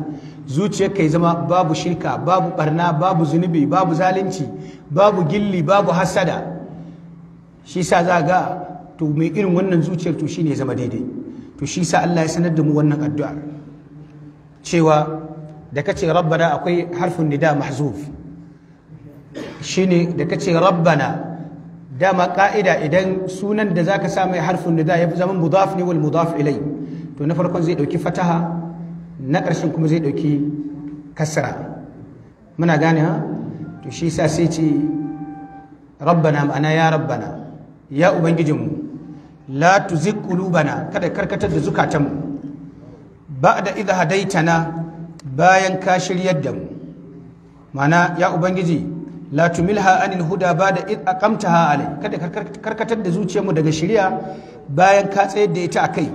zuciyar kai zama babu shirka babu barna babu zunubi babu zalunci babu gilli babu hasada shi sa za ga to mai irin wannan zuciyar to shine zama daidai to shi sa Allah ya sanar da mu wannan addu'a cewa da kace rabbana akwai harfin nida mahzuf shine da kace rabbana dama ka'ida idan sunan da zaka sa mai harfin nida ya zama mudaf ne wal mudaf ilai to na farkon zai dauki fataha na ƙarshen kuma zai ɗauki kasara muna gane ha to shi sa sai ce rabbana ma'ana ya rabbana ya ubangijinmu la tuzigh qulubana kada karkatar da zukatanmu ba'da idh hadaitana bayan ka shiryar da mu mana ya ubangiji la tumilha anil huda ba'da kamta aqamtaha alai kada karkatar da zuciyarmu daga shiriya bayan ka tsayar da ita akai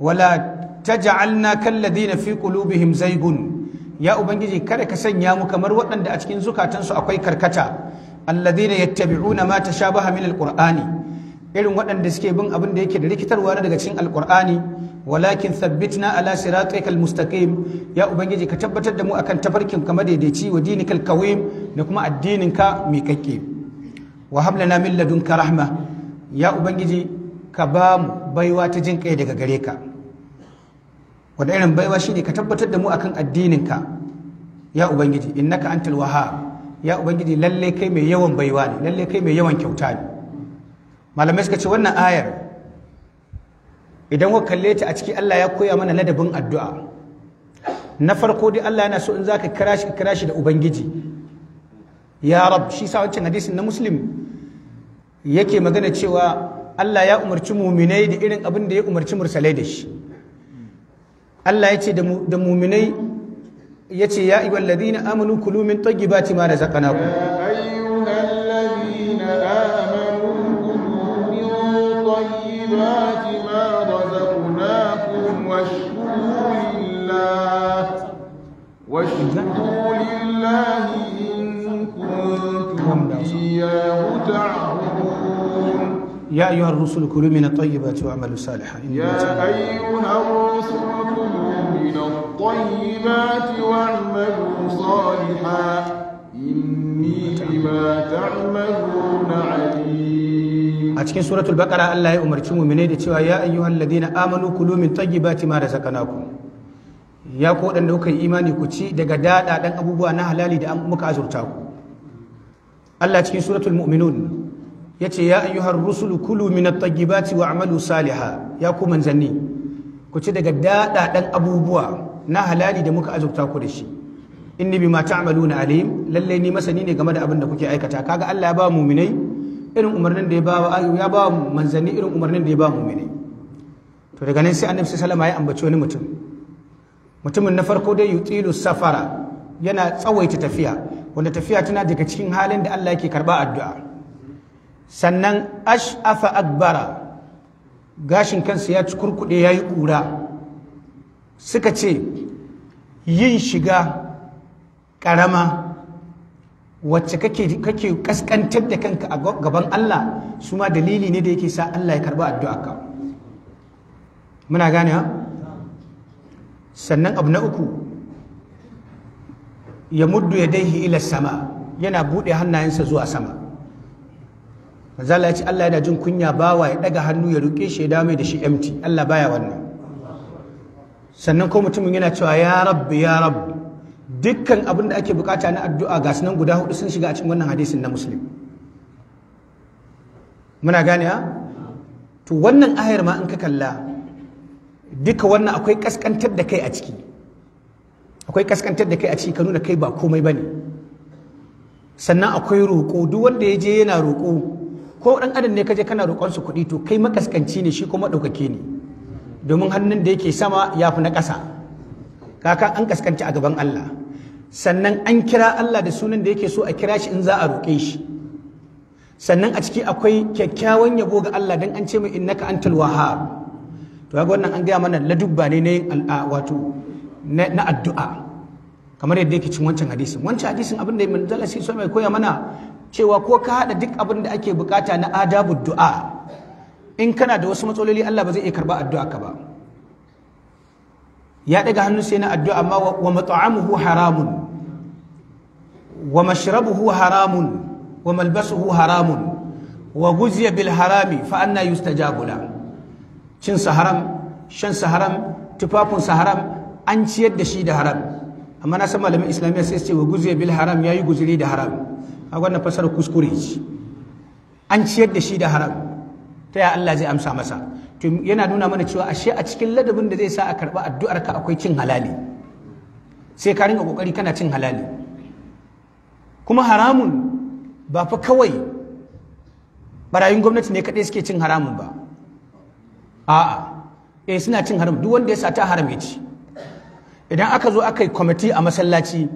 wala taj'alna kalladina fi qulubihim zaygun ya ubangiji kada ka sanya mu kamar waɗanda a cikin zukatansu akwai karkata alladina yattabi'una ma tashabaha min alqur'ani irin waɗanda suke bin abin da yake da rikitarwa daga cikin alqur'ani walakin thabbitna ala siratikal mustaqim ya ubangiji ka tabbatar da mu akan tafarkin kamar daidaici wa dinikal qawim da kuma addinin ka miƙaƙƙe wa hab lana min ladunka rahma ya ubangiji ka ba mu baiwa ta jin kai daga gare ka wani irin baiwa shine ka tabbatar da mu akan addininka ya ubangiji innaka antal wahhab ya ubangiji lalle kai mai yawan baiwa ne lalle kai mai yawan kyauta ne malamai suka ce wannan ayar idan kuka kalle ta a ciki Allah ya koya mana ladabin addu'a na farko dai Allah yana so in zaka kira shi kira shi da ubangiji ya rab shi sa wancan hadisin na muslim yake magana cewa Allah ya umarci muminai da irin abin da ya umarci mursalai da shi Allah ya ce da muminai ya ce ya iwa ladina amanu kulu min tayyibati ma razaqnakum ya ayyuhal ladina amanu kulu min tayyibati ma razaqnakum washkuru lillah washkuru lillah in kuntum iyyahu ta'budun يا أيها الرسل كلوا من الطيبات واعملوا صالحا يا أيها الرسل كلوا من الطيبات واعملوا صالحا إني بما تعملون عليم أتكين سورة البقرة الله أمرتم من يا أيها الذين آمنوا كلوا من طيبات ما رزقناكم ya ko waɗanda kuka yi imani ku ci daga daɗaɗen abubuwa na halali da muka azurta ku Allah cikin suratul mu'minun Ya ce ya ayyuhar rusulu kulu min at-tayyibati wa amalu saliha ya ku manzanni ku ci daga dadadan abubuwa na halali da muka azubta ku da shi inni bima ta'maluna alim lalle ni masani ne game da abin da kuke aikata kaga Allah ya ba mu'minai irin umarnin da ya ba ya ba manzanni irin umarnin da ya ba mu'minai to daga nan sai annabi sallallahu alaihi wasallam ya ambaci wani mutum mutumin na farko dai yutilu safara yana tsawaita tafiya wanda tafiya tana daga cikin halin da Allah yake karba addu'a sannan ash'afa akbara gashin kansa ya ci kurkuɗe ya yi ƙura suka ce yin shiga ƙarama wacce kake kaskantar da kanka a gaban Allah su ma dalili ne da yake sa Allah ya karba addu'a ka muna gane sannan abu na uku ya muddu ya daihi ila sama yana buɗe hannayensa zuwa sama manzala ya ce Allah yana jin kunya bawa ya daga hannu ya ruke shi ya mai da shi empty Allah baya wannan sannan ko mutumin yana cewa ya rabbi ya rabbi dukkan abin ake bukata na addu'a ga sunan guda hudu sun shiga a cikin wannan hadisin na muslim muna gane ha to wannan ayar ma in ka kalla duka wannan akwai kaskantar da kai a ciki akwai kaskantar da kai a ciki ka nuna kai ba komai bane sannan akwai roƙo duk wanda ya je yana roƙo ko ɗan adam ne kaje kana roƙon su kuɗi to kai makaskanci ne shi kuma ɗaukake ne domin hannun da yake sama ya fi na ƙasa kaka an kaskanci a gaban Allah sannan an kira Allah da sunan da yake so a kira shi in za a roƙe shi sannan a ciki akwai kyakkyawan yabo ga Allah dan an ce mai innaka antal wahhab to kaga wannan an gaya mana ladubba ne na yin wato na addu'a kamar yadda yake cin wancan hadisin wancan hadisin abin da manzala sai so mai koya mana cewa ko ka haɗa duk abin da ake bukata na adabu du'a in kana da wasu matsaloli Allah ba zai iya karba addu'a ka ba ya daga hannu sai na addu'a amma wa mat'amuhu haramun wa mashrabuhu haramun wa malbasuhu haramun wa guziya bil harami fa anna yustajabu la cin sa haram shan sa haram tufafin sa haram an ciyar da shi da haram amma na san malamin islamiyya sai ce wa guziya bil haram yayi guzuri da haram a wannan fasar kuskure ce an ciyar da shi da haram ta ya Allah zai amsa masa to yana nuna mana cewa ashe a cikin ladabin da zai sa a karba addu'ar ka akwai cin halali sai ka ringa kokari kana cin halali kuma haramun ba fa kawai barayin gwamnati ne kadai suke cin haramun ba a'a eh suna cin haram duk wanda ya ta haram ya ci idan aka zo aka yi kwamiti a masallaci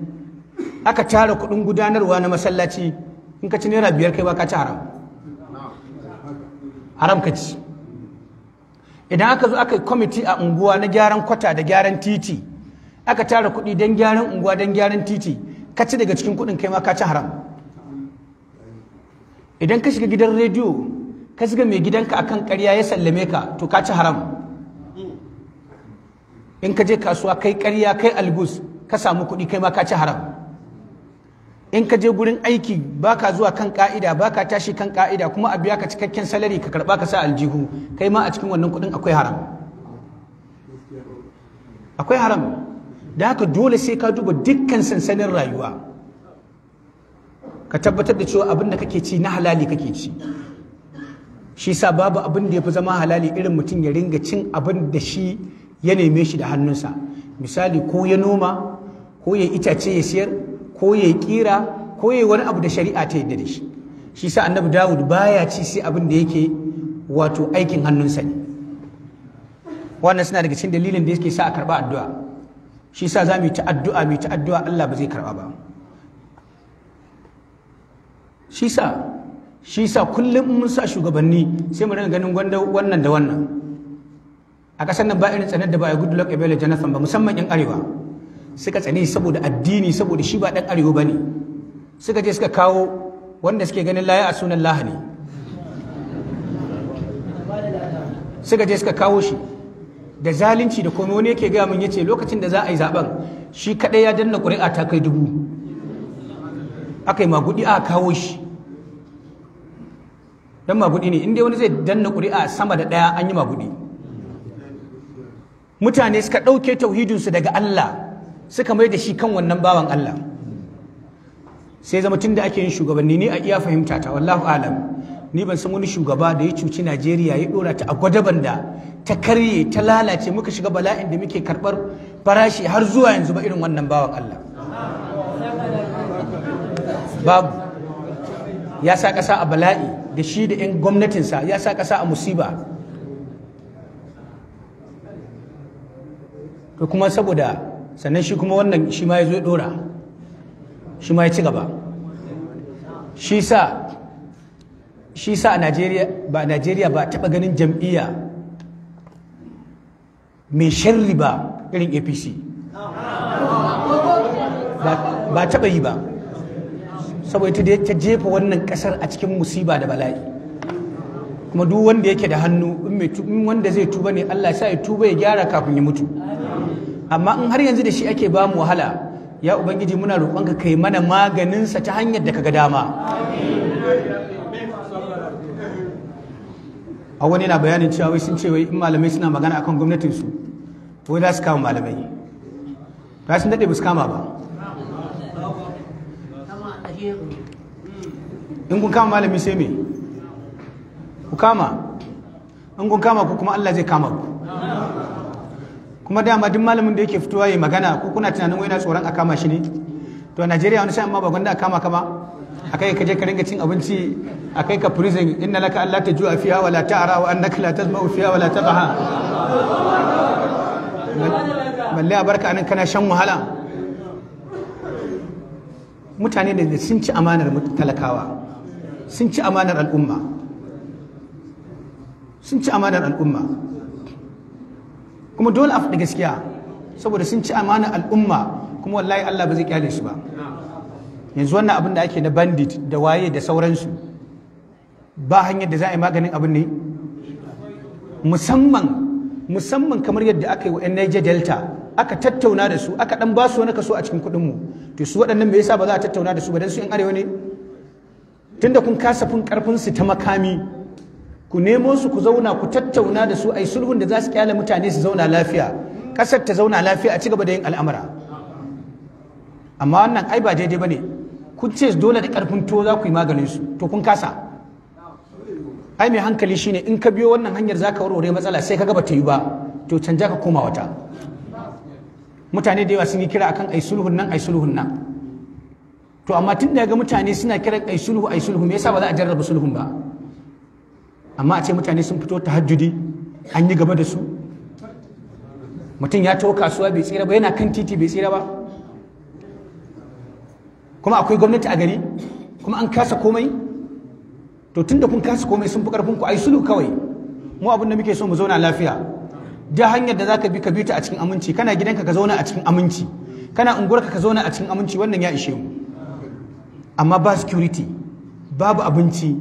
aka tara kuɗin gudanarwa na masallaci in ka ci naira biyar kai ba ka ci haram haram ka ci idan aka zo aka yi kwamiti a unguwa na gyaran kwata da gyaran titi aka tara kuɗi don gyaran unguwa don gyaran titi ka ci daga cikin kuɗin kai ma ka ci haram idan ka shiga gidan rediyo ka shiga mai gidanka akan karya ya sallame ka to ka ci haram in ka je kasuwa kai karya kai algus ka samu kuɗi kai ma ka ci haram in ka je gurin aiki baka zuwa kan ka'ida baka tashi kan ka'ida kuma a biya ka cikakken salari ka karba ka sa aljihu kai ma a cikin wannan kudin akwai haram akwai haram da haka dole sai ka duba dukkan sansanin rayuwa ka tabbatar da cewa abin da kake ci na halali kake ci shi sa babu abin da ya fi zama halali irin mutum ya ringa cin abin da shi ya neme shi da hannunsa misali ko ya noma ko ya itace ya siyar ko ya kira ko ya wani abu da shari'a ta yadda da shi shi sa annabi dawud baya ci sai abin da yake wato aikin hannunsa ne wannan suna daga cikin dalilin da yake sa a karba addu'a shi sa za mu yi ta addu'a mu yi ta Allah ba zai karba ba shi sa shi sa kullum mun sa shugabanni sai mu dinga ganin gwanda wannan da wannan a ƙasar nan ba irin tsanar da ba ya gudu lokacin jonathan ba musamman yan arewa suka tsane saboda addini saboda shi ba dan arewa bane suka je suka kawo wanda suke ganin laya a sunan laha ne suka je suka kawo shi da zalunci da komai wani yake gaya min yace lokacin da za a yi zaben shi kadai ya danna ƙuri'a ta kai dubu aka yi magudi a kawo shi dan magudi ne inda wani zai danna ƙuri'a sama da ɗaya an yi magudi mutane suka ɗauke tauhidinsu daga Allah suka mai da shi kan wannan bawan Allah sai zama tun da ake yin shugabanni ni a iya fahimta ta wallahu alam ni ban san wani shugaba da ya cuci Najeriya ya dora ta a gwadaban da ta karye ta lalace muka shiga bala'in da muke karbar farashi har zuwa yanzu ba irin wannan bawan Allah babu ya sa ƙasa a bala'i da shi da 'yan gwamnatinsa ya sa ƙasa a musiba to kuma saboda sannan shi kuma wannan shi ma ya zo dora shi ma ya ci gaba shi sa shi sa a najeriya ba a najeriya ba taɓa ganin jam'iyya mai sharri ba irin apc ba taɓa yi ba saboda ta jefa wannan ƙasar a cikin musiba da bala'i kuma duk wanda yake da hannu in wanda zai tuba ne allah sa ya tuba ya gyara kafin ya mutu amma in har yanzu da shi ake ba mu wahala ya ubangiji muna roƙonka kai mana maganinsa ta hanyar da kaga dama a wani na bayanin cewa wai sun ce wai in malamai suna magana akan gwamnatin su wai za su kama malamai ba sun daɗe ba su kama ba in kun kama malami sai me ku kama in kun kama ku kuma Allah zai kama ku kuma dama duk malamin da yake fitowa ya magana ko kuna tunanin wai tsoron a kama shi ne to a Najeriya wani sa'an ma ba gwanda a kama kama kai ka je ka ringa cin abinci kai ka prison inna laka ta juwa fiya wala ta ara wa annaka la tazma fiya wala tadha balle a barka anan kana shan wahala mutane da sun ci amanar talakawa sun ci amanar al'umma sun ci amanar al'umma kuma dole a faɗi gaskiya saboda sun ci amana al'umma kuma wallahi Allah ba zai kyale su ba yanzu wannan abin da ake na bandit da waye da sauransu ba hanyar da za a yi maganin abin ne musamman musamman kamar yadda aka yi wa Niger Delta aka tattauna da su aka dan ba su wani kaso a cikin kuɗin mu to su waɗannan me yasa ba za a tattauna da su ba dan su yan arewa ne tunda kun kasa fin karfin su ta makami ku nemo su ku zauna ku tattauna da su ai sulhun da za su kyale mutane su zauna lafiya kasar ta zauna lafiya a cigaba da yin al'amura amma wannan ai ba daidai bane kun ce dole da karfin to za ku yi maganin su to kun kasa ai mai hankali shine in ka biyo wannan hanyar zaka warware matsala sai kaga ta yi ba to canja ka koma wata mutane da yawa sun yi kira akan ai sulhun nan ai sulhun nan to amma tun da ga mutane suna kiran ai sulhu ai sulhu me yasa ba za a jarraba sulhun ba amma a ce mutane sun fito ta hajjudi an yi gaba da su mutum ya taho kasuwa bai tsira ba yana kan titi bai tsira ba kuma akwai gwamnati a gari kuma an kasa komai to tun da kun kasa komai sun fi karfin ku yi sulu kawai mu abin da muke so mu zauna lafiya da hanyar da za ka bi ka bi ta a cikin aminci kana gidanka ka zauna a cikin aminci kana unguwarka ka zauna a cikin aminci wannan ya ishe mu amma ba security babu abinci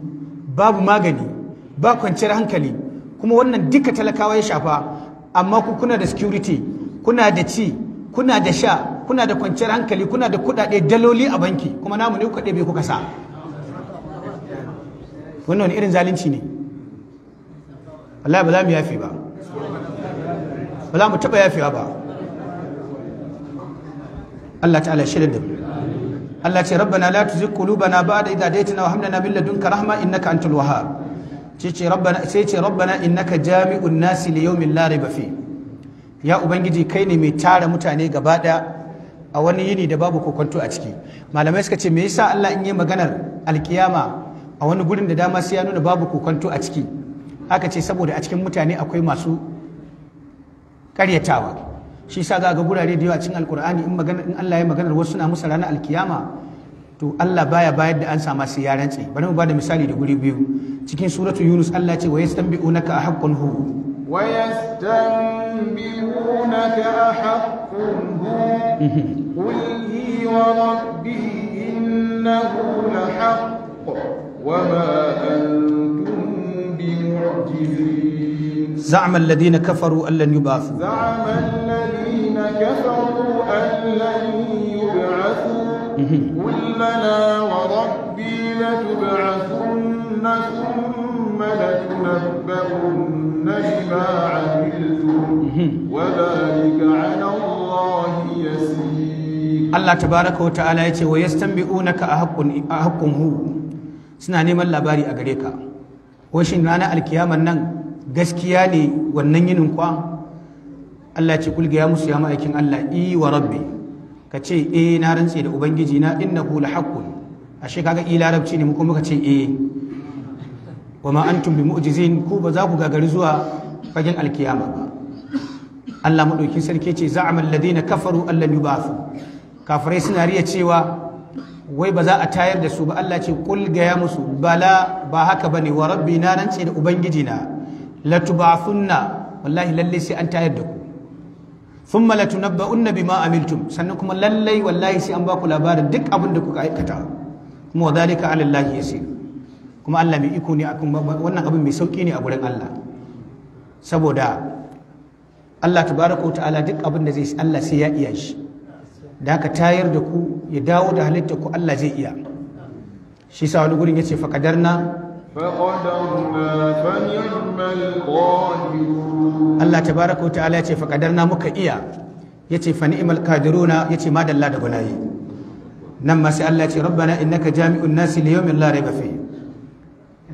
babu magani ba kwanciyar hankali kuma wannan duka talakawa ya shafa amma ku kuna da security kuna da ci kuna da sha kuna da kwanciyar hankali kuna da kudade daloli a banki kuma namu ne kuɗe bai kuka sa wannan irin zalunci ne wallahi ba za mu yafe ba ba za mu taɓa yafewa ba Allah ta'ala shirin da mu Allah ce rabbana la tuzigh qulubana ba'da idh hadaytana wa hab lana min ladunka rahma innaka antal wahhab sai ce rabbana innaka jami'un nasi li yawmin la raiba fi ya ubangiji kai ne mai tara mutane gaba daya a wani yini da babu kokonto a ciki malamai suka ce me yasa Allah in yi maganar alkiyama a wani gurin da dama sai ya nuna babu kokonto a ciki aka ce saboda a cikin mutane akwai masu karyatawa shi sa ga ga gurare da yawa cikin alkur'ani in magana in Allah ya maganar wasu na musu ranar alkiyama to Allah baya bayar da an sa sai ya rantse bari mu ba da misali da guri biyu cikin suratul yunus Allah ce wayastanbi'unaka ahqqun hu wayastanbi'unaka ahqqun hu qul hi wa rabbi innahu lahaqq wa ma antum bimu'jizin za'ama alladhina kafaru an lan yub'athu za'ama alladhina kafaru an lan yub'athu qul lana wa rabbi latub'athu ثم لتنبؤن بما عملتم وذلك على الله يسير الله تبارك وتعالى يتي ويستنبئونك أحق hu suna neman labari a gare ka washin ranar alkiyaman nan gaskiya ne wannan yinin kwa Allah ce kulga ya musu ya ma'aikin Allah i wa rabbi ka ce e na rantse da ubangiji na innahu lahaqqun ashe kaga i larabci ne mu kuma ka ce eh wa ma antum bi mu'jizin ku ba za ku gagari zuwa fagen alkiyama ba Allah madaukin sarki ce za'ama alladhina kafaru allan yub'athu kafirai suna riya cewa wai ba za a tayar da su ba Allah ce kul gaya musu bala ba haka bane wa rabbi na nan ce da ubangiji na latub'athunna wallahi lalle sai an tayar da ku thumma latunabba'unna bima amiltum sannan kuma lallai wallahi sai an ba ku labarin duk abin da kuka aikata kuma wadhalika 'ala Allah yasir kuma Allah mai iko ne akan wannan abin mai sauki ne a gurin Allah saboda Allah tabaraka ta'ala duk abin da zai Allah sai ya iya shi da haka tayar da ku ya dawo da halitta ku Allah zai iya shi sa wani gurin yace faqadarna faqadarna Allah tabaraka ta'ala yace faqadarna muka iya yace ni'mal qadiruna yace madalla da gunayi nan ma sai Allah ya ce rabbana innaka jami'un nasi liyawmin la rayba fihi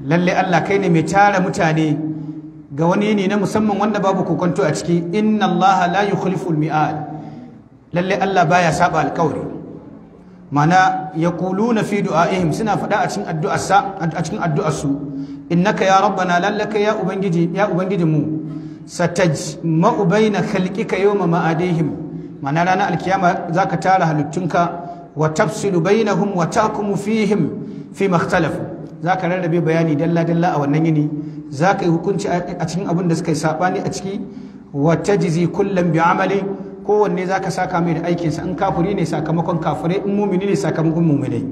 lalle Allah kai ne mai tara mutane ga wani ne na musamman wanda babu kokonto a ciki inna Allah la yukhliful mi'ad lalle Allah baya saba alƙawari mana yaquluna fi du'aihim suna faɗa a cikin addu'arsa a cikin addu'arsu innaka ya rabbana lallaka ya ubangiji ya ubangijinmu satajma'u baina khalqika yawma ma'adihim mana ranar alkiyama zaka tara halittunka wa tafsilu bainahum wa tahkumu fihim fi makhtalafu za ka rarrabe bayani dalla-dalla a wannan yini za ka yi hukunci a cikin abin da suka yi saɓani a ciki wata jizi kullum bi amali kowanne za ka saka mai da aikinsa in kafuri ne sakamakon kafure in mumini ne sakamakon mumini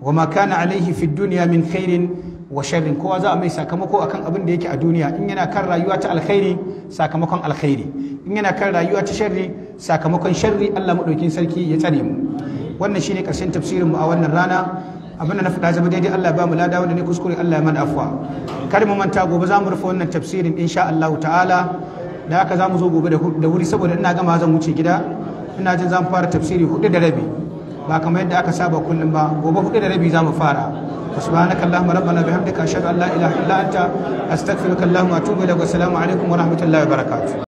wa makana alaihi fi duniya min khairin wa sharrin kowa za a mai sakamako akan abin da yake a duniya in yana kan rayuwa ta alkhairi sakamakon alkhairi in yana kan rayuwa ta sharri sakamakon sharri Allah madaukin sarki ya tsare mu wannan shine karshen tafsirin mu a wannan rana abinda na faɗa zama daidai Allah ba mu lada wanda ne kuskure Allah ya mana afwa kar mu manta gobe za mu rufe wannan tafsirin insha Allah ta'ala da haka za mu zo gobe da wuri saboda ina gama zan wuce gida ina jin za mu fara tafsiri hudu da rabi ba kamar yadda aka saba kullum ba gobe hudu da rabi za mu fara سبحانك اللهم ربنا بحمدك اشهد ان لا اله الا انت استغفرك اللهم واتوب اليك والسلام عليكم ورحمه الله وبركاته